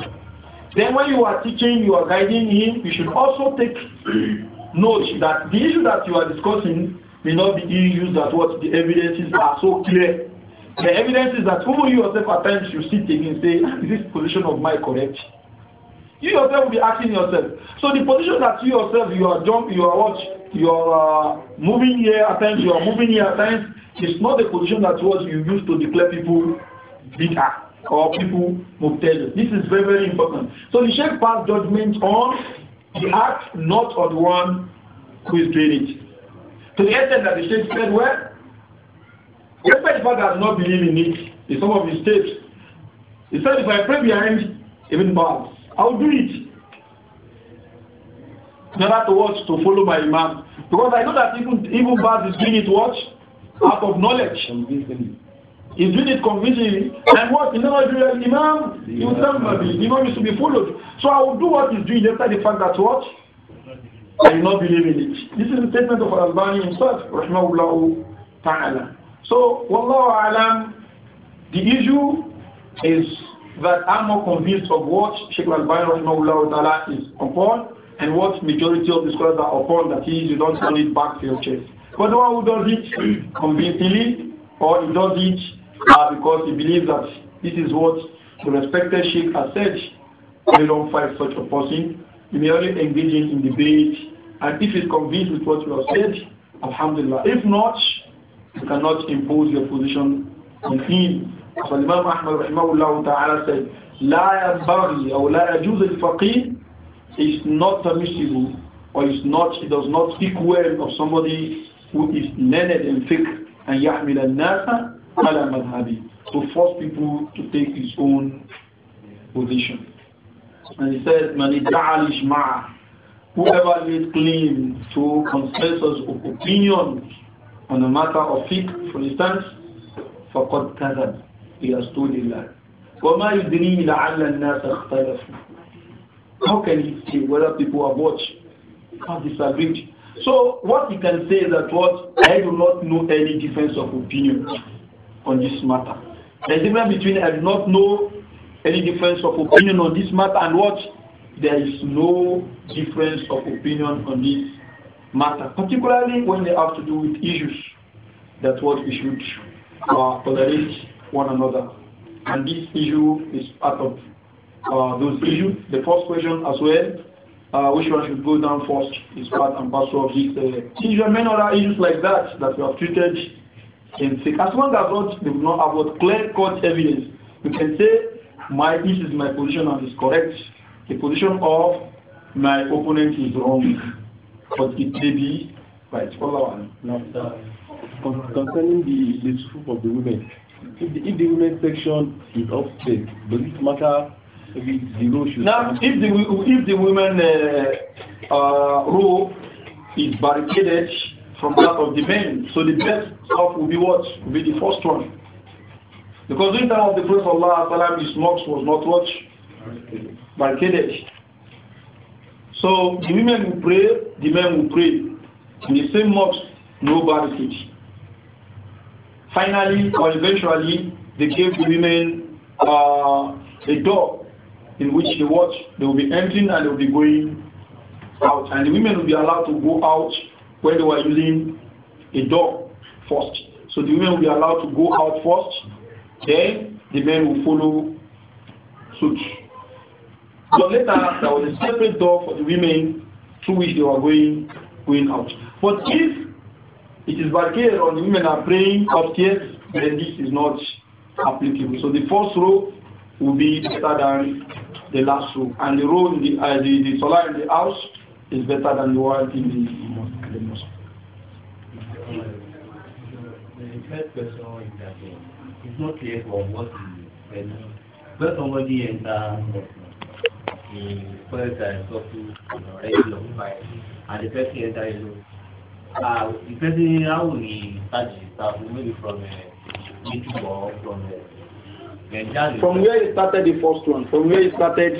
[SPEAKER 1] then when you are teaching, you are guiding him, you should also take note that the issue that you are discussing may not be used that what the evidences are so clear. The evidences that who you yourself at times you sit again and say, ah, is this position of mine correct? You yourself will be asking yourself. So the position that you yourself you are jump, you are what, you are uh, moving here at times, you are moving here at times, it's not the position that was you used to declare people bigger or people mubtadi. This is very very important. So the Sheikh passed judgment on the act, not on the one who is doing it. To the extent that the state said, well, the fact that does do not believe in it, in some of his tapes, he said, if I pray behind even bars, I'll do it. Never to watch, to follow my Imam. Because I know that even, even bars is doing it what? Out of knowledge. He's doing it convincingly. And what? In order an Imam, Imam is to be followed. So I will do what he's doing after the fact that what? I do not believe in it. This is a statement of Al-Albani himself, rahmahullah ta'ala. So, wallahu alam, the issue is that I'm more convinced of what Sheikh Al-Albani rahmahullah ta'ala is upon and what majority of the scholars are upon, that is. you don't turn it back to your chest. But the one who does it convincingly, or he does it uh, because he believes that this is what the respected Sheikh has said, we don't fight such a person you may only engage in debate. And if he's convinced with what you have said, Alhamdulillah. If not, you cannot impose your position on him. So Imam Ahmad rahimahullah ta'ala said, لا or la لا al الفقيه is not permissible or is not, it does not speak well of somebody who is learned and fiqh and يحمل nasa على مذهبه to force people to take his own position. And he says, Manida'alish ma. Whoever laid claim to consensus of opinion on a matter of fiqh, for instance, فَقَدْ كَذَبْ He has told a lie. وَمَا يُدْرِي لَعَلَّ النَّاسَ اخْتَلَفُوا How can he say whether people have watched or disagreed? So what he can say is that what I do not know any difference of opinion on this matter. The difference between I do not know any difference of opinion on this matter and what? There is no difference of opinion on this matter, particularly when they have to do with issues that what we should
[SPEAKER 2] uh, tolerate
[SPEAKER 1] one another. And this issue is part of uh, those issues. The first question as well, uh, which one should go down first, is part and parcel of this uh, issue. And many other issues like that that we have treated in sick. As long as not, we do not have what clear-cut evidence, we can say my this is my position and is correct. The position of my opponent is wrong. But it may be right. Follow on. Concerning the, the troop of the women, if the, if the women section is upset, does it matter if zero Now, if the, if the women uh, uh, row is barricaded from that of the men, so the best stuff will be what? Will be the first one. Because during the time of the Prophet Allah, his mosque was not watched barricaded. So the women will pray, the men will pray. In the same mosque, no barricade. Finally or eventually, they gave the women uh, a door in which they watch. They will be entering and they will be going out. And the women will be allowed to go out where they were using a door first. So the women will be allowed to go out first then the men will follow suit. But later there was a separate door for the women through which they were going going out. But if it is barricaded or the women are praying upstairs, then this is not applicable. So the first row will be better than the last row, and the row in the uh, the, the solar in the house is better than the one in the it's not clear from what he said. When somebody enters the first time, so to end of five, and the person enters alone, uh, the person, how will he start his staff? Maybe from a uh, meeting or from uh, a from where you started the first one, from where you started,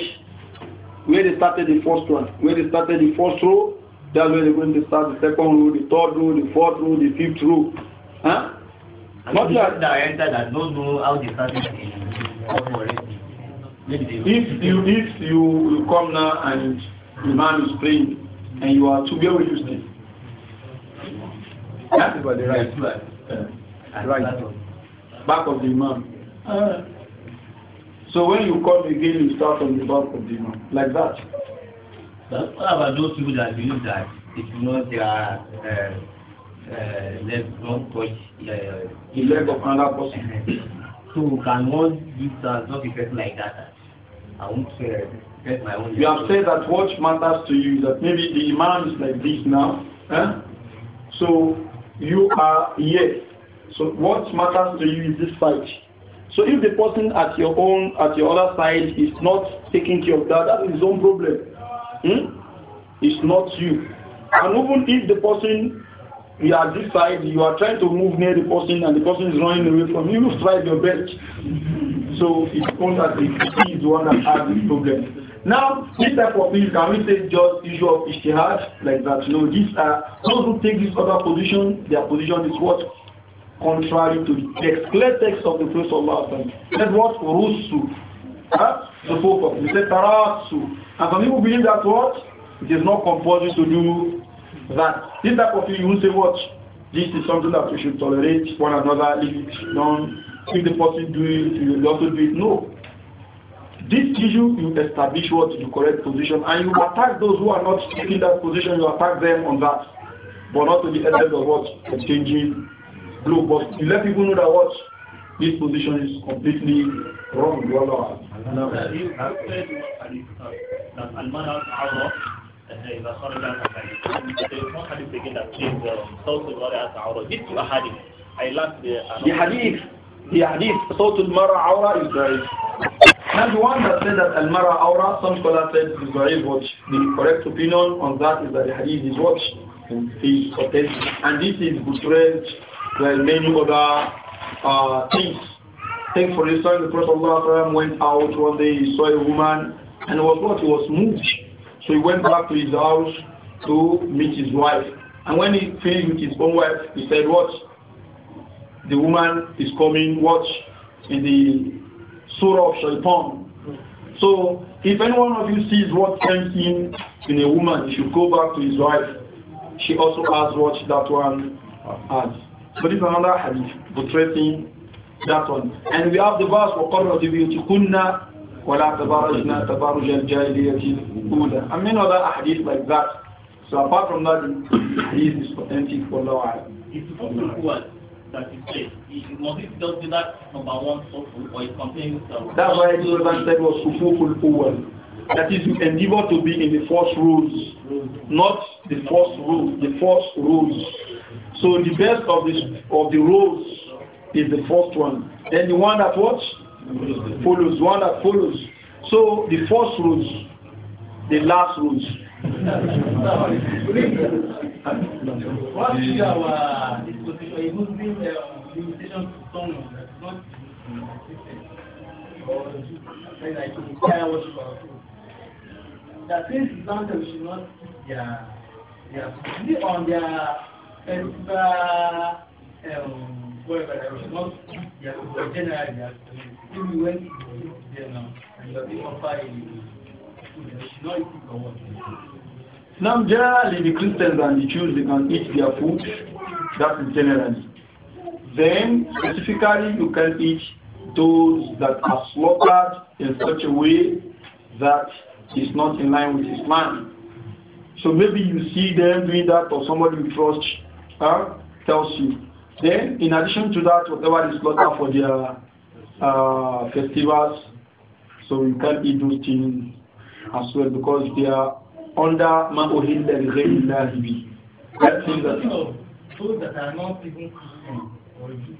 [SPEAKER 1] where you started the first one, where you started the first row, that's where you going to start the second row, the third row, the fourth row, the fifth row. Huh? What you that don't know how If you if you come now and the man is praying and you are to where will you That's about the right. Right. right. Back of the man. Uh, so when you come again, you start on the back of the man like that. But what about those people that believe that know they are. uh, Eh, eleven point eh, eleven eh, so can one give that not be person like that? I won't uh, get my own. You have said that what matters to you that maybe the imam is like this now. Eh? So you are yes. So what matters to you is this fight. So if the person at your own at your other side is not taking care of that, that is his own problem. Hmm? It's not you. And even if the person you are this side, you are trying to move near the person and the person is running away from you, you try your best. So it's only that key is the one that has this problem. Now, this type of things, can we say just issue of ishtihad like that? You know, these are, those who take this other position, their position is what? Contrary to the clear text of the Prophet Sallallahu That what? Rusu. Huh? The Prophet. He said Tarasu. And some people believe that what? It is not compulsory to do that this type of thing you will say what this is something that we should tolerate one another leave it none if the person do it you will also do it no this issue you establish what the correct position and you attack those who are not taking that position you attack them on that but not to the extent of what exchanging blue but you let people know that what this position is completely wrong. You Wallah if I saw that, there is one hadith that says, Sawt al-Mara awra. These two hadith, I learned the... Uh, the hadith, the hadith, Sawt al-Mara awra is right. And the one that said that the mara awra, some scholars said is da'if watch. The correct opinion on that is that the hadith is watch, is authentic. And this is good buttressed by many other uh, things. Take for instance, the Prophet went out one day, he saw a woman, and was what? He was moved so he went back to his house to meet his wife. And when he finished with his own wife, he said, What? The woman is coming, what? In the Surah of Shaitan. So if any one of you sees what tempts him in a woman, he should go back to his wife. She also has what that one has. So this is another hadith, portraying that one. And we have the verse, وَقَرَّ تِبِيُتِكُنَّ وَلَا تَبَارَجْنَا تَبَارُجَ الْجَاهِلِيَّةِ الْأُولَى And many other hadith like that. So apart from that, the hadith is authentic for Allah. It's also that it says. It must it just be that number one suffer or it contains uh, That's why the Quran said was sufuful awal. That is, you endeavor to be in the first rules, not the first rule, the first rules. So the best of the of the rules is the first one. Then the one that what follows. one that follows. So the first rules, the last rules.
[SPEAKER 2] that since Islam should not yeah yeah on their festival
[SPEAKER 1] um whatever they should not yeah generally now generally the Christians and the Jews they can eat their food, that is generally. Then specifically you can eat those that are slaughtered in such a way that is not in line with Islam. So maybe you see them doing that or somebody you trust huh, tells you. Then in addition to that, whatever is slaughtered for their uh, festivals, so you can't eat those things as well because they are under ma'uhil lahi That means that
[SPEAKER 2] are food that are not even
[SPEAKER 1] Christian.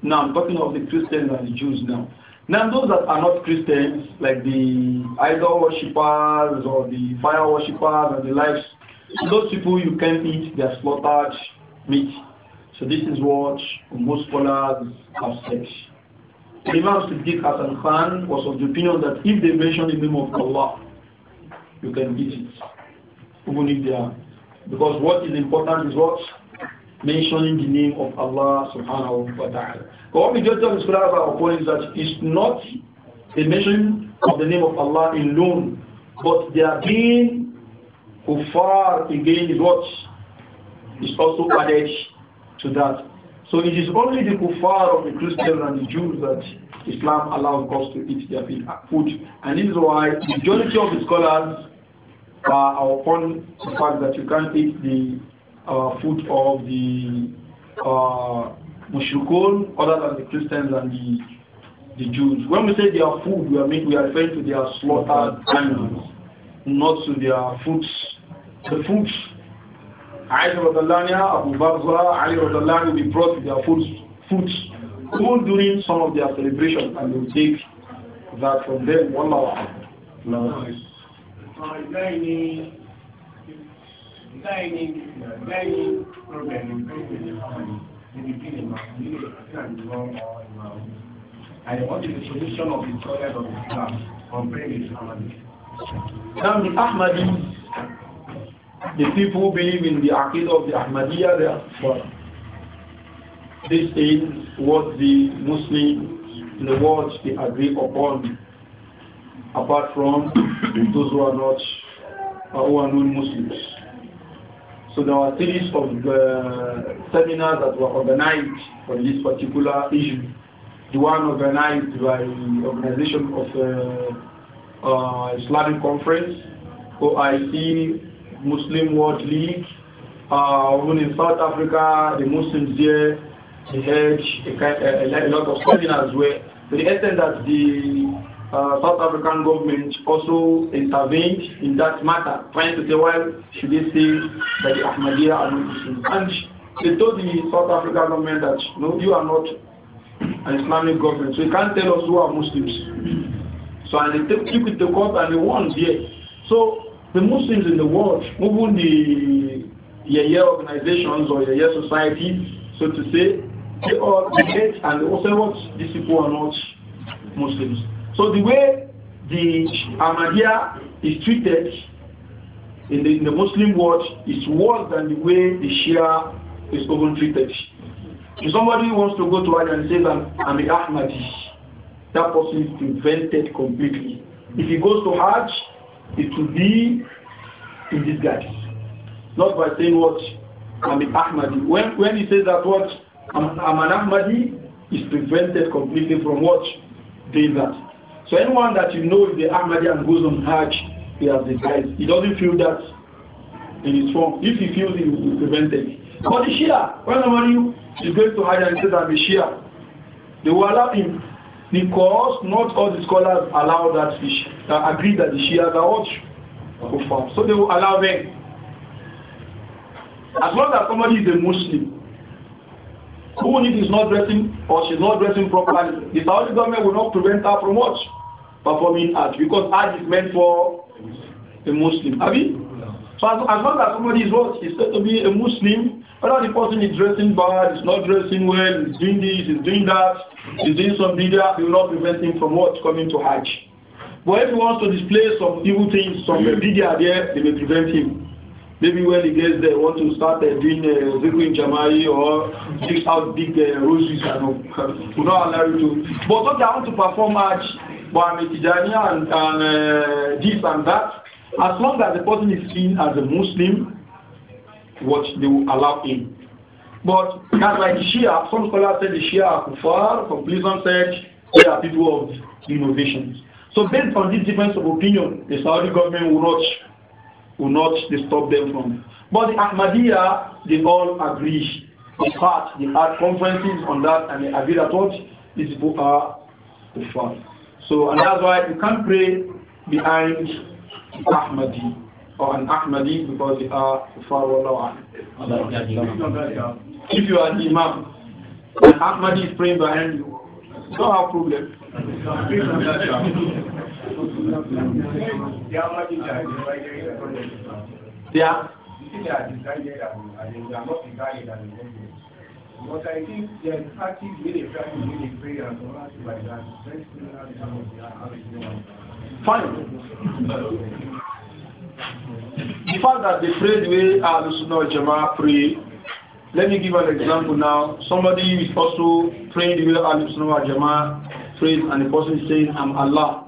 [SPEAKER 1] Now I'm talking of the Christians and the Jews now. Now those that are not Christians, like the idol worshippers or the fire worshippers and the likes, those people you can't eat their slaughtered meat. So this is what most scholars have said. Imam Siddiq Hassan Khan was of the opinion that if they mention the name of Allah, you can beat it. Even if they are. Because what is important is what? Mentioning the name of Allah subhanahu wa ta'ala. But what we of the scholars are is that it's not the mention of the name of Allah alone, but their being kuffar again is what is also added to that. So it is only the kuffar of the Christians and the Jews that Islam allows us to eat their food. And this is why the majority of the scholars are upon the fact that you can't eat the uh, food of the uh, mushrikun other than the Christians and the, the Jews. When we say their food, we are, we are referring to their slaughtered animals, not to their foods. The foods Aisha Radalania, Abu Bakr, Ali will be brought with their food, food even during some of their celebrations and they will take that from them. One hour. No. And what is the solution of the toilet of Islam compared with Ahmadi? Ahmadis The people believe in the Aqidah of the Ahmadiyya, they are This is what the Muslims in the world they agree upon, apart from those who are not uh, who are not muslims So there were a series of uh, seminars that were organized on this particular issue. The one organized by the Organization of uh, uh, Islamic Conference, OIC, Muslim World League, uh, even in South Africa, the Muslims there, they had a, a, lot of funding as well. To the extent that the uh, South African government also intervened in that matter, trying to say, well, should they say that the Ahmadiyya are not Muslims? And they told the South African government that, no, you are not an Islamic government, so you can't tell us who are Muslims. So and they took it to court and they won, yeah. So the Muslims in the world, even the Yeye organizations or Yeye societies, so to say, they all debate and also what these people are not Muslims. So the way the Ahmadiyya is treated in the, in the Muslim world is worse than the way the Shia is often treated. If somebody wants to go to Hajj and says, I'm, I'm an Ahmadi, that person is invented completely. If he goes to Hajj, it will be in disguise. Not by saying what I'm an Ahmadi. When, when he says that what I'm, I'm an Ahmadi, is prevented completely from what doing that. So anyone that you know is the Ahmadi and goes on Hajj, he has the disguised. He doesn't feel that in his form. If he feels it, he will be prevented. But the Shia, when somebody is going to Hajj and says I'm a Shia, they will allow him because not all the scholars allow that fish, uh, agree that the Shia are what? So they will allow them. As long as somebody is a Muslim, who if is not dressing or she's not dressing properly, the Saudi government will not prevent her from what? Performing art. Because art is meant for a Muslim. Have you? So as, as long as somebody is what is said to be a Muslim, whether the person is dressing bad, is not dressing well, is doing this, is doing that, is doing some media, it will not prevent him from what coming to Hajj. But if he wants to display some evil things, some media there, they may prevent him. Maybe when he gets there, want to start uh, doing uh, zikr in Jamari or six out big uh, roses and all. will not allow you to. But okay, I want to perform Hajj, but I'm a Tijani and, and uh, this and that. As long as the person is seen as a Muslim, what they will allow him. But that's like Shia. Some scholars said the Shia are kuffar. from Blizzard said they are people of innovations. So based on this difference of opinion, the Saudi government will not will not stop them from. But the Ahmadiyya, they all agree. In part, they had conferences on that, and they agree that is these uh, are So and that's why you can't pray behind Ahmadi or an Ahmadi because they are far Allah. If you are the Imam, an Ahmadi is praying behind you, no have problem. yeah. But I think there's practice really practice really prayer and all that like that. Fine. The fact that they pray the way Al-Sunnah Jama'ah pray, let me give an example now. Somebody is also praying the way Al-Sunnah Jama'ah prays and the person is saying, I'm Allah.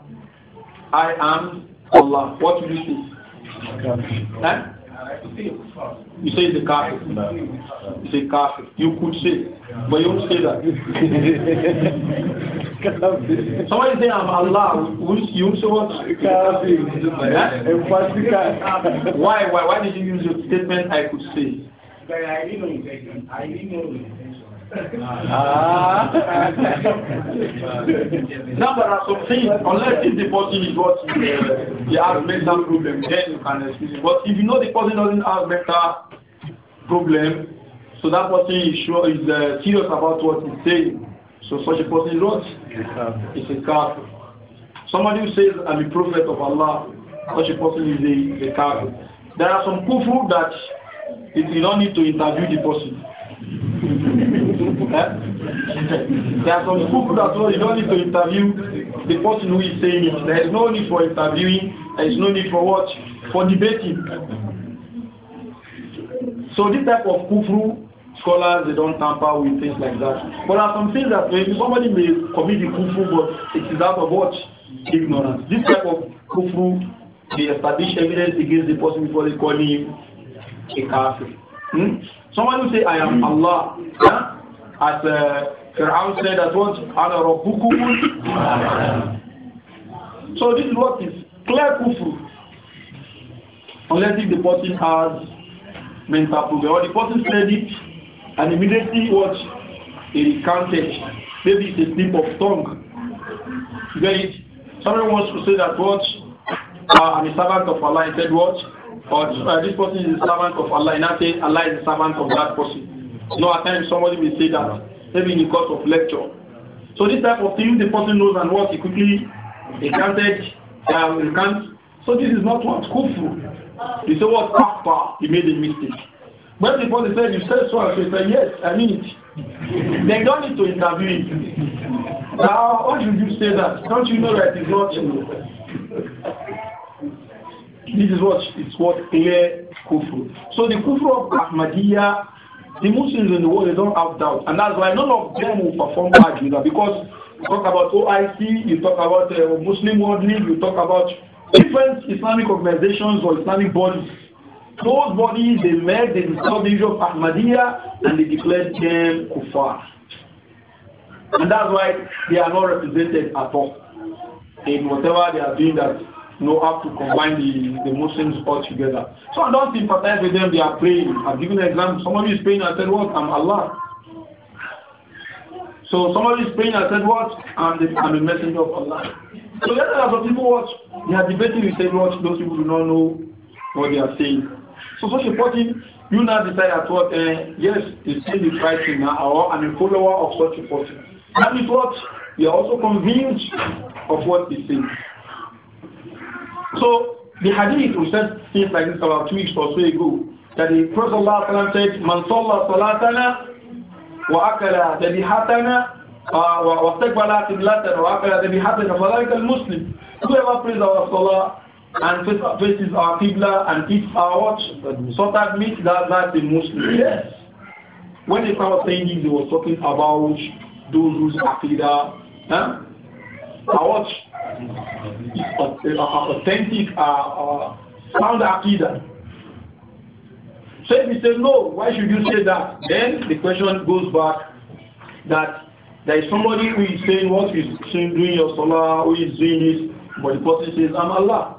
[SPEAKER 1] I am Allah. What will you say? Okay. Eh? You say the kafir. You say kafir. You could say, but you don't say that. Somebody say I'm Allah. You would say what? Kafir. Why? Why? Why did you use your statement? I could say.
[SPEAKER 2] I didn't know. I didn't know. Ah. now there are some things, unless if
[SPEAKER 1] the person is what he uh, has mental problem, then you can excuse it. But if you know the person doesn't have mental problem, so that person is sure is uh, serious about what he's saying. So such a person is what? It's a card. Somebody who says I'm a prophet of Allah, such a person is a, a There are some kufu that you don't need to interview the person. There are some people that well, you don't need to interview the person who is saying it. There is no need for interviewing. There is no need for what? For debating. So this type of kufru scholars they don't tamper with things like that. But there are some things that maybe somebody may commit the kufru, but it is out of what ignorance. This type of kufru, they establish evidence against the person before they call him a kafir. Hmm? Somebody will say, "I am Allah." Yeah? as uh, Fir'aun said that what ana rabbukum so this is what is clear kufru unless if the person has mental problem or the person said it and immediately what he recounted maybe it's a slip of
[SPEAKER 2] tongue
[SPEAKER 1] Very. Somebody someone wants to say that what uh, I'm a servant of Allah he said what or uh, this person is a servant of Allah and I say Allah is a servant of that person you know, at times somebody may say that, maybe in the course of lecture. So this type of thing, the person knows and what he quickly recanted, um, not So this is not what kufu. He said what kafpa, he made a mistake. But the person said, you said so, and so, he said, yes, I mean it. they don't need to interview it. Now, why should you say that? Don't you know that it's not This is what it's what clear kufu. So the kufu of Ahmadiyya the Muslims in the world, they don't have doubt. And that's why none of them will perform Hajj either. Because you talk about OIC, you talk about uh, Muslim World League, you talk about different Islamic organizations or Islamic bodies. Those bodies, they met, they discovered the issue of Ahmadiyya, and they declared them kuffar. And that's why they are not represented at all in whatever they are doing that know how to combine the, the Muslims all together. So I don't sympathize with them, they are praying. I've given an example. Somebody is praying, I said, What? I'm Allah. So somebody is praying, I said, What? I'm the, I'm the messenger of Allah. So there are some people what they are debating with say what those people do not know what they are saying. So such a person, you now decide at what uh, yes, it's still the right thing now, or I'm a follower of such a person. That is what you are also convinced of what he's saying. So the hadith we said things like this about two weeks or so ago that the Prophet ﷺ said, Man salla salatana wa akala dhabihatana uh, wa staqbala qiblatan wa akala dhabihatana fadhalika al-Muslim. Whoever prays our salah and faces our qibla and eats our watch, that means that, that's a Muslim. Yes. When the Prophet was saying this, he was talking about those whose aqidah, huh? our watch authentic, uh, uh sound either. So if you say no, why should you say that? Then the question goes back that there is somebody who is saying what is doing your salah, who is doing this, but the person says, I'm Allah.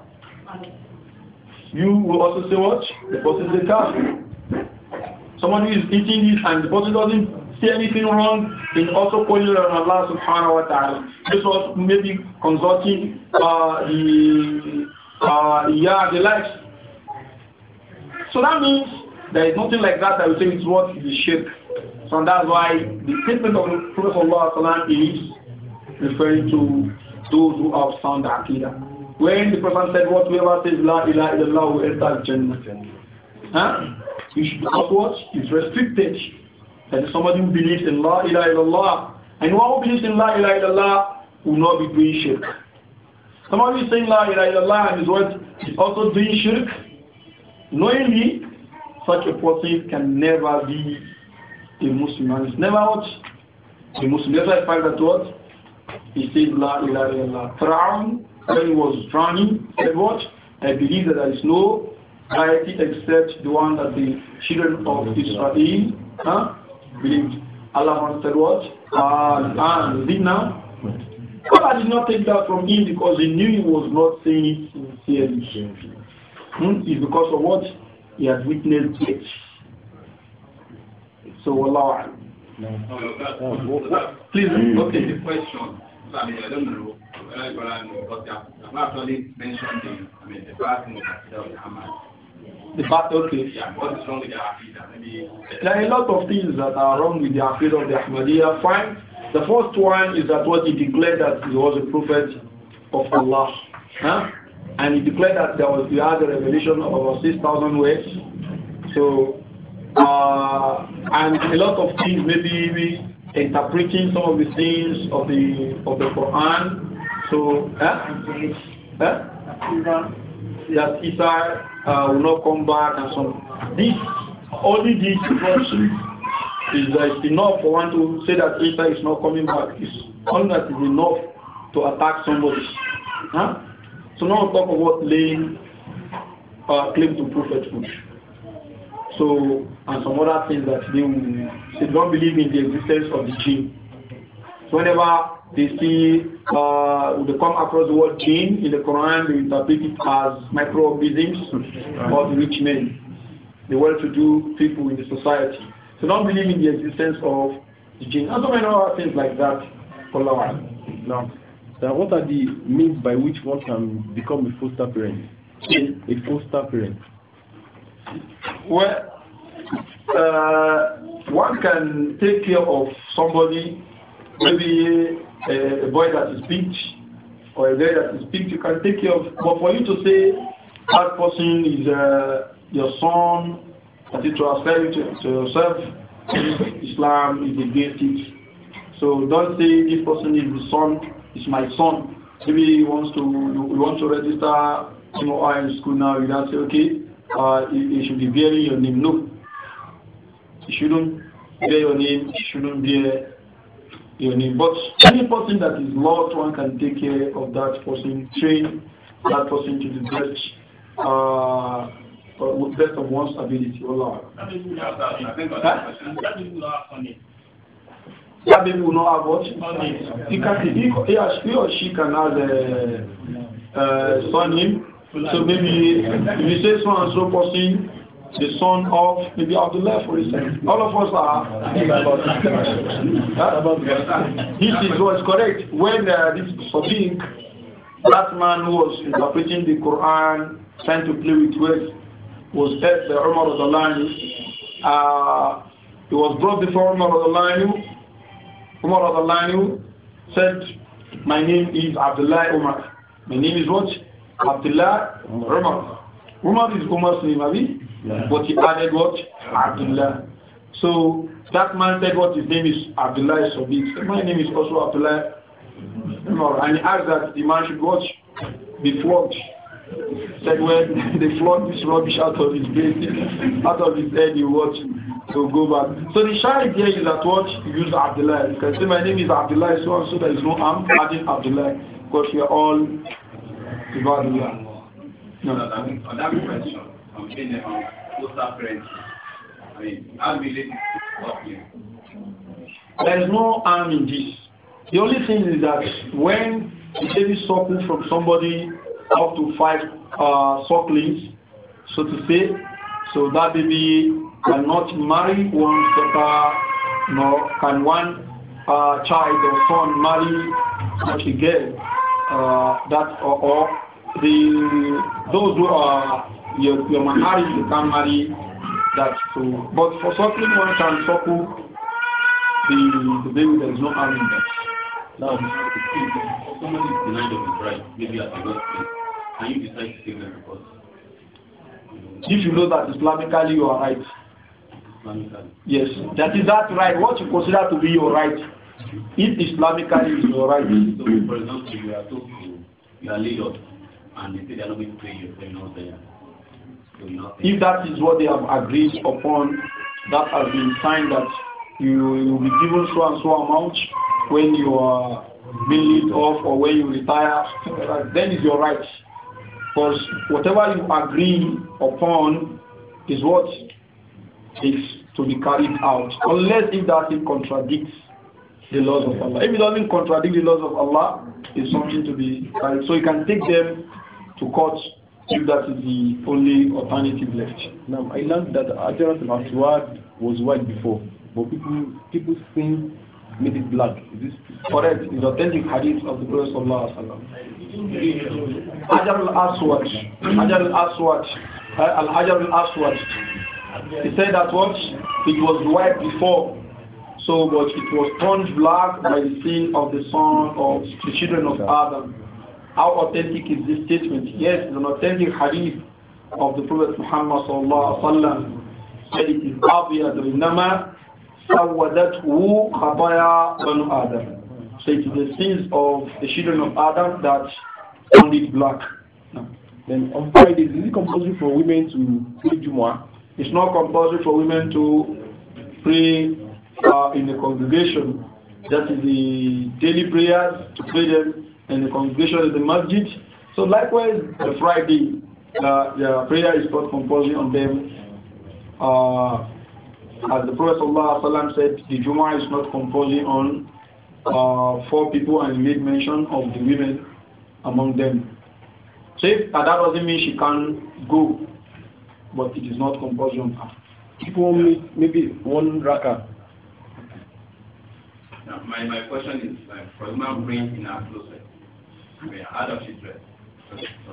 [SPEAKER 1] You will also say what? The person is a Someone who is eating this and the person doesn't see anything wrong in also calling on Allah subhanahu wa ta'ala. This was maybe consulting uh, the, uh, yeah, the likes. So that means there is nothing like that I would say it's the shirk. So that's why the statement of the Prophet Allah is referring to those who have sound aqidah. When the Prophet said, "Whatever says La ilaha illallah will enter Jannah. Huh? You should not watch, it's restricted. That is somebody who believes in La ilaha illallah. And one who believes in La ilaha illallah will not be doing shirk. Somebody who is saying La ilaha illallah and is what is also doing shirk. Knowingly, such a person can never be a Muslim. And it's never out. A Muslim. That's why I find that what? He says La ilaha illallah. Drown, when he was drowning, said what? I believe that there is no deity except the one that the children of Israel huh? believed. Allah said what? Al-An, Zina. Allah did not take that from him because he knew he was not saying it sincerely. Hmm? It's because of what? He had witnessed it. So Allah. No. please, hmm. okay, the question. I mean, I don't know. I don't but I actually mentioned the, I mean, the person that Hamas the battlefield. Yeah, wrong with There are a lot of things that are wrong with the Aqidah of the Ahmadiyya. Fine. The first one is that what he declared that he was a prophet of Allah. Huh? And he declared that there was, he had a revelation of about 6,000 words. So, uh, and a lot of things, maybe interpreting some of the things of the of the Quran. So, huh? Huh? that Isa uh, will not come back and so This, only this is uh, enough for one to say that Isa is not coming back. It's only that is enough to attack somebody. Huh? So now talk about laying uh, claim to prophethood. So, and some other things that they don't believe in the existence of the gene. So whenever they see, uh, they come across the word jinn in the Quran, they interpret it as microorganisms or rich men, the well-to-do people in the society. So, don't believe in the existence of the jinn. And so many other things like that. no. now, uh, what are the means by which one can become a foster parent? A foster parent. Well, uh, one can take care of somebody, maybe a, a boy that is picked or a girl that is picked, you can take care of. But for you to say that person is uh, your son, that you transfer it to, to yourself, Islam is against it. So don't say this person is the son, is my son. Maybe he wants to you want to register him in school now, you don't say okay, uh, he, should be bearing your name. No, he shouldn't bear your name. He shouldn't bear you know, but any person that is lost, one can take care of that person, train that person to the best, uh, uh best of one's ability. Or That baby will not have money. That baby will not have what? He, can, he, he, he or she can have a uh, son uh, name. So maybe if you say so and so person, the son of maybe Abdullah, for instance. All of us are. This is what's correct. When uh, this Sadiq, that man who was interpreting the Quran, trying to play with words, was said by Umar of the line. he was brought before Umar of the line. Umar of the line said, My name is Abdullah Umar. My name is what? Abdullah Umar. Umar is Umar's name, Abi. But he added what? Abdullah. So that man said what his name is Abdullah Sobit. My name is also Abdullah. And he asked that the man should watch, be flogged. Said when they flog this rubbish out of his face, out of his head, you watch. So go back. So the shy idea is that what you use Abdullah. You can say my name is Abdullah, so and so there is no harm adding Abdullah because we are all Ibadullah. No, no, no between them and closer friends. I mean, related There is no harm in this. The only thing is that when the baby suckles from somebody up to five uh, sucklings, so to say, so that baby cannot marry one daughter, nor can one uh, child or son marry such a girl. Uh, that or, or the those who are your, your marriage, you can marry that too. But for something one can suckle the, the baby, there is no harm in that. Now, if someone is denied of his right, maybe at the workplace, can you decide to take them because? If you know that Islamically you are right. Islamically. Yes, that is that right. What you consider to be your right, if Islamically is your right. So, for example, you are told you are laid and they say they are not going to pay you, so you're not there. If that is what they have agreed upon, that has been signed that you will be given so and so amount when you are being laid off or when you retire, then is your right. Because whatever you agree upon is what is to be carried out, unless if that it contradicts the laws of Allah. If it doesn't contradict the laws of Allah, it's something to be carried. So you can take them to court if that is the only alternative left. Now, I learned that Adam's al was white before, but people, people think made it black. Is this correct? Is authentic hadith of the Prophet Sallallahu Alaihi Wasallam. Hajar al-Aswad, Hajar al-Aswad, eh, al-Hajar aswad He said that what? It was white before, so but it was turned black by the sin of the son of the children of Adam. How authentic is this statement? Yes, it's an authentic hadith of the Prophet Muhammad sallallahu alaihi wasallam. Said it is obvious that nama sawadatu khataya banu Adam. So it is the sins of the children of Adam that turned it black. Then on Fridays, is it compulsory for women to pray Jumu'ah? It's not compulsory for women to pray uh, in the congregation. That is the daily prayers to pray them and the congregation is the masjid. So likewise, the Friday, uh, the prayer is not compulsory on them. Uh, as the Prophet ﷺ said, the Jumu'ah is not compulsory on uh, four people and made mention of the women among them. So if, that doesn't mean she can go, but it is not compulsory on her. People yeah. maybe one raka. My, my question is, like, for example, bring in our closet. I mean, how does she dress?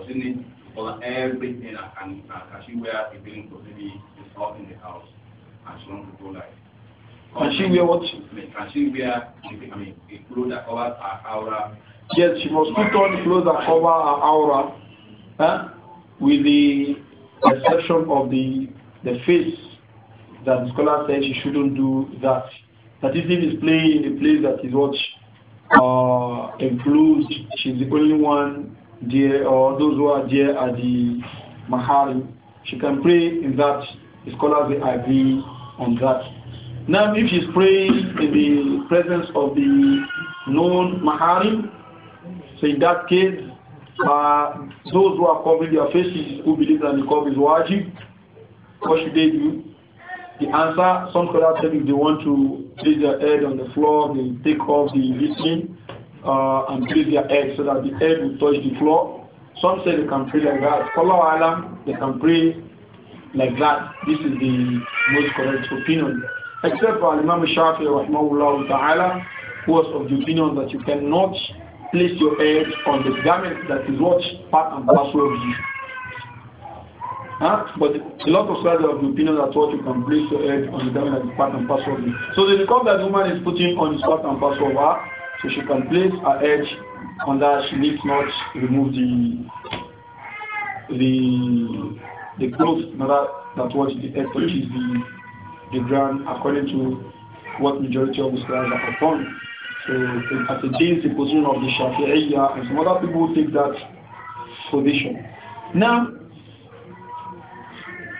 [SPEAKER 1] she need to follow everything? I can, I can she wear a billing clothes? Maybe it's off in the house and she wants to go like. Can she wear what? I can she wear, I mean, a clothes that covers her aura? Yes, she must put on clothes that cover her aura. Huh? With the exception of the the face that the scholar said she shouldn't do that. That is if it's playing in a place that is what uh, includes, she's the only one there, or those who are there are the maharim. She can pray in that. The scholars agree on that. Now, if she's praying in the presence of the known maharim, so in that case, uh, those who are covering their faces who believe that the niqab is wajib, what should they do? the answer. Some scholars say if they want to place their head on the floor, they take off the listening uh, and place their head so that the head will touch the floor. Some say they can pray like that. Follow Alam, they can pray like that. This is the most correct opinion. Except for Imam Shafi ta'ala, who was of the opinion that you cannot place your head on the garment that is what part and parcel of you. Huh? But a lot of scholars have the opinion that what you can place your head on the garment is part and parcel of it. So the cup that the woman is putting on is part and parcel of her, so she can place her head on that. She needs not remove the the the clothes in order that what the head touches the the ground according to what majority of the scholars are upon. So as it is the position of the Shafi'iyya and some other people take that position. Now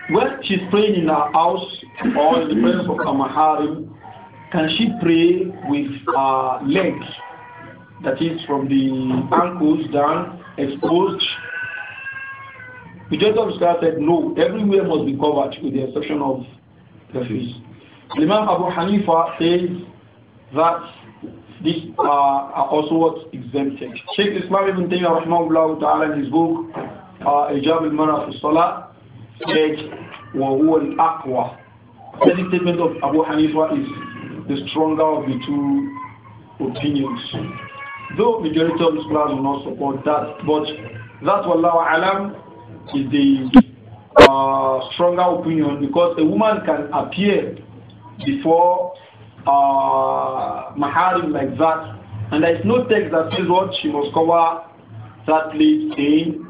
[SPEAKER 1] when she's praying in her house or in the presence of a maharim, can she pray with her legs, that is from the ankles down, exposed? The judge of Islam said no, everywhere must be covered with the exception of the face. Imam Abu Hanifa says that these uh, are also what exempted. Sheikh Islam ibn Taymiyyah, in his book, uh, Ijab al-Mara fi Salah, or وَهُوَ aqua. Any statement of Abu Hanifa is the stronger of the two opinions. Though majority of the scholars will not support that, but that Wallahu Alam is the uh, stronger opinion because a woman can appear before uh, maharim like that and there is no text that says what she must cover that place in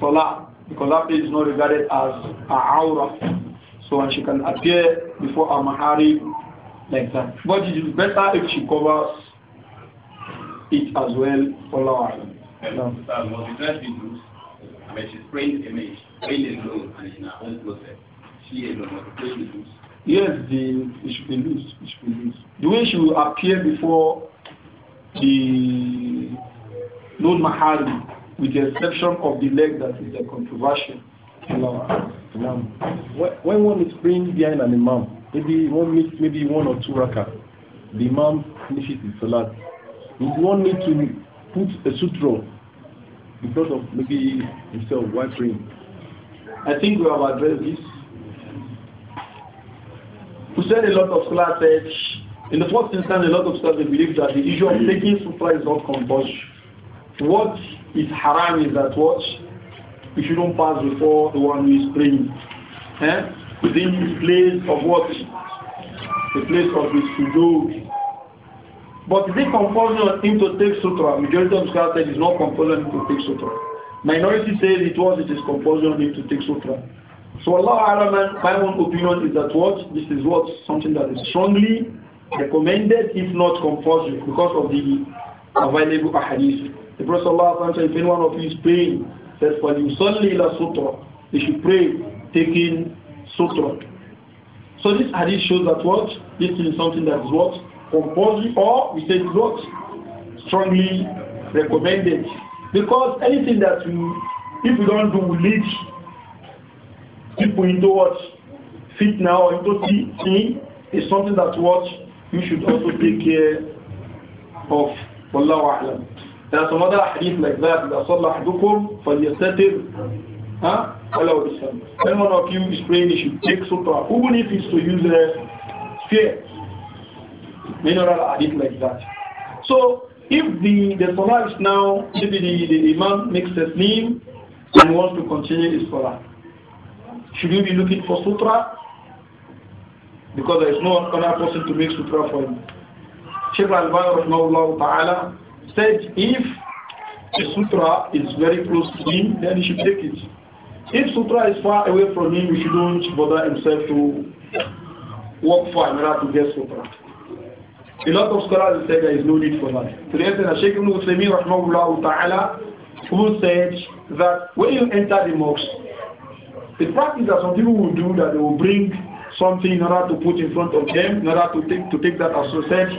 [SPEAKER 1] Salah because that place is not regarded as a aura. So and she can appear before a mahari like that. But it is better if she covers it as well for Allah. And Was the image, and in her own She alone loose. Yes, the it should be loose. It should be loose. The way she will appear before the Lord Mahari with the exception of the leg that is a controversial. When one is praying behind an imam, maybe one meets maybe one or two raka, the imam finishes his salat. If one needs to put a sutra in front of maybe himself while praying, I think we have addressed this. We said a lot of scholars said, in the first instance, a lot of scholars believe that the issue of taking sutra is not compulsory. What is haram is that what? You shouldn't pass before the one who is praying. Eh? Within the place of what? The place of his sujood. But is it compulsory on him to take sutra? Majority of scholars said it's not compulsory to take sutra. Minority says it was, it is compulsory on him to take sutra. So Allah Alam, my own opinion is that what? This is what? Something that is strongly recommended, if not compulsory, because of the available ahadith. The Prophet Allah said, if anyone of you is praying, says, فَلْيُصَلِّ la sutra. you should pray taking sutra. So this hadith shows that what? This is something that is what? Compulsory or we say what? Strongly recommended. Because anything that we, if we don't do, we lead people into what? Fitna or into sin is something that what? You should also take care of. Wallahu A'lam. There are some other hadith like that. إِذَا for أَحْدُكُمْ فَلْيَسْتَتِرْ huh? When one of you is praying, he should take sutra, even if it's to use a sphere, mineral hadith like that. So, if the, the salah is now, maybe the, the imam makes a name and wants to continue his salah. Should you be looking for sutra? Because there is no other person to make sutra for him. Shaykh Al-Bani Rahmahullah Ta'ala said if the sutra is very close to him, then he should take it. If sutra is far away from him, he shouldn't bother himself to work for in order to get sutra. A lot of scholars say there is no need for that. Today, the Sheikh Ibn Uthaymeen, rahmahullah ta'ala, who said that when you enter the mosque, the practice that some people will do that they will bring something in order to put in front of them, in order to take, to take that as a success,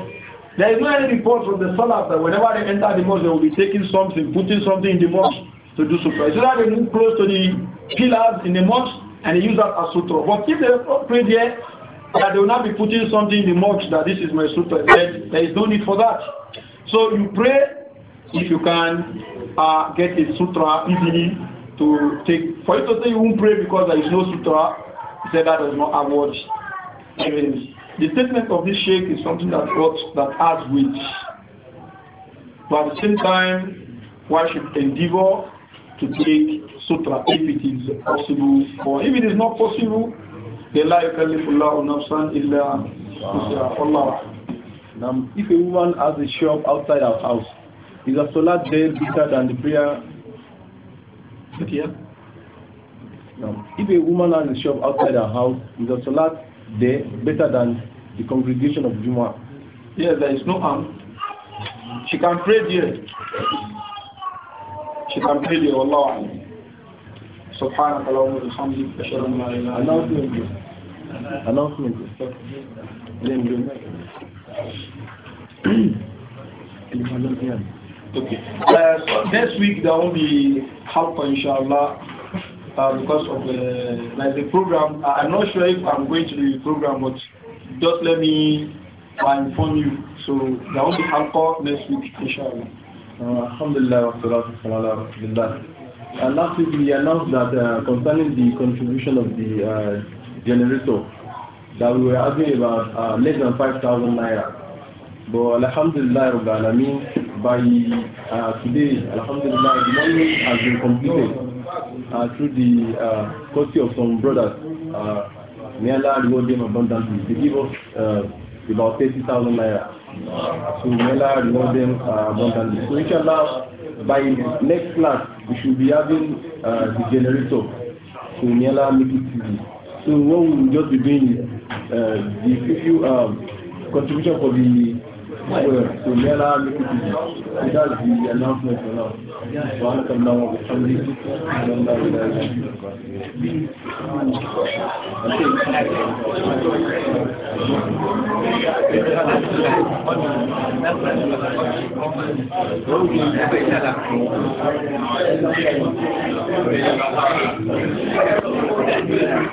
[SPEAKER 1] there is no any report from the Salaf that whenever they enter the mosque, they will be taking something, putting something in the mosque to do sutra. So that they move close to the pillars in the mosque and they use that as sutra. But if they pray there, that they will not be putting something in the mosque that this is my sutra. There, there is no need for that. So you pray if you can uh, get a sutra easily to take. For you to say you won't pray because there is no sutra, you say that does not have much evidence. The statement of this sheikh is something that works, that has weight. But at the same time, one should endeavor to take sutra if it is possible. Or if it is not possible, the life Allah nafsan illa Allah. Now, if a woman has a shop outside her house, is a solar day better than the prayer? Okay. Now, if a woman has a shop outside her house, is a solar there better than the congregation of Juma. Yes, there is no harm. She can pray there. She can pray there, Allah. Subhanaka Allahumma وبحمدك اشهد ان announcement okay uh, so next week there will be halqa inshallah uh, because of the, uh, like the program. I'm not sure if I'm going to the program, but just let me uh, inform you. So there will be alcohol next week, inshallah. Uh, alhamdulillah, uh, last week we announced that uh, concerning the contribution of the uh, generator, that we were asking about uh, less than 5,000 naira. But alhamdulillah, by uh, today, alhamdulillah, the money has been completed. uh, through the uh, courtesy of some brothers, uh, may Allah reward them abundantly. They give us uh, about 30,000 naira. So may Allah reward them uh, abundantly. So inshallah, by next class, we should be having uh, the generator. So may Allah make it easy. So what we will just be doing is uh, the few um, contribution for the kò lẹ́ra lókùnkùn ìdájì announcement náà wà ń kàn láwọn òṣèlú
[SPEAKER 2] ìjọba ìlà ìlú Thank you.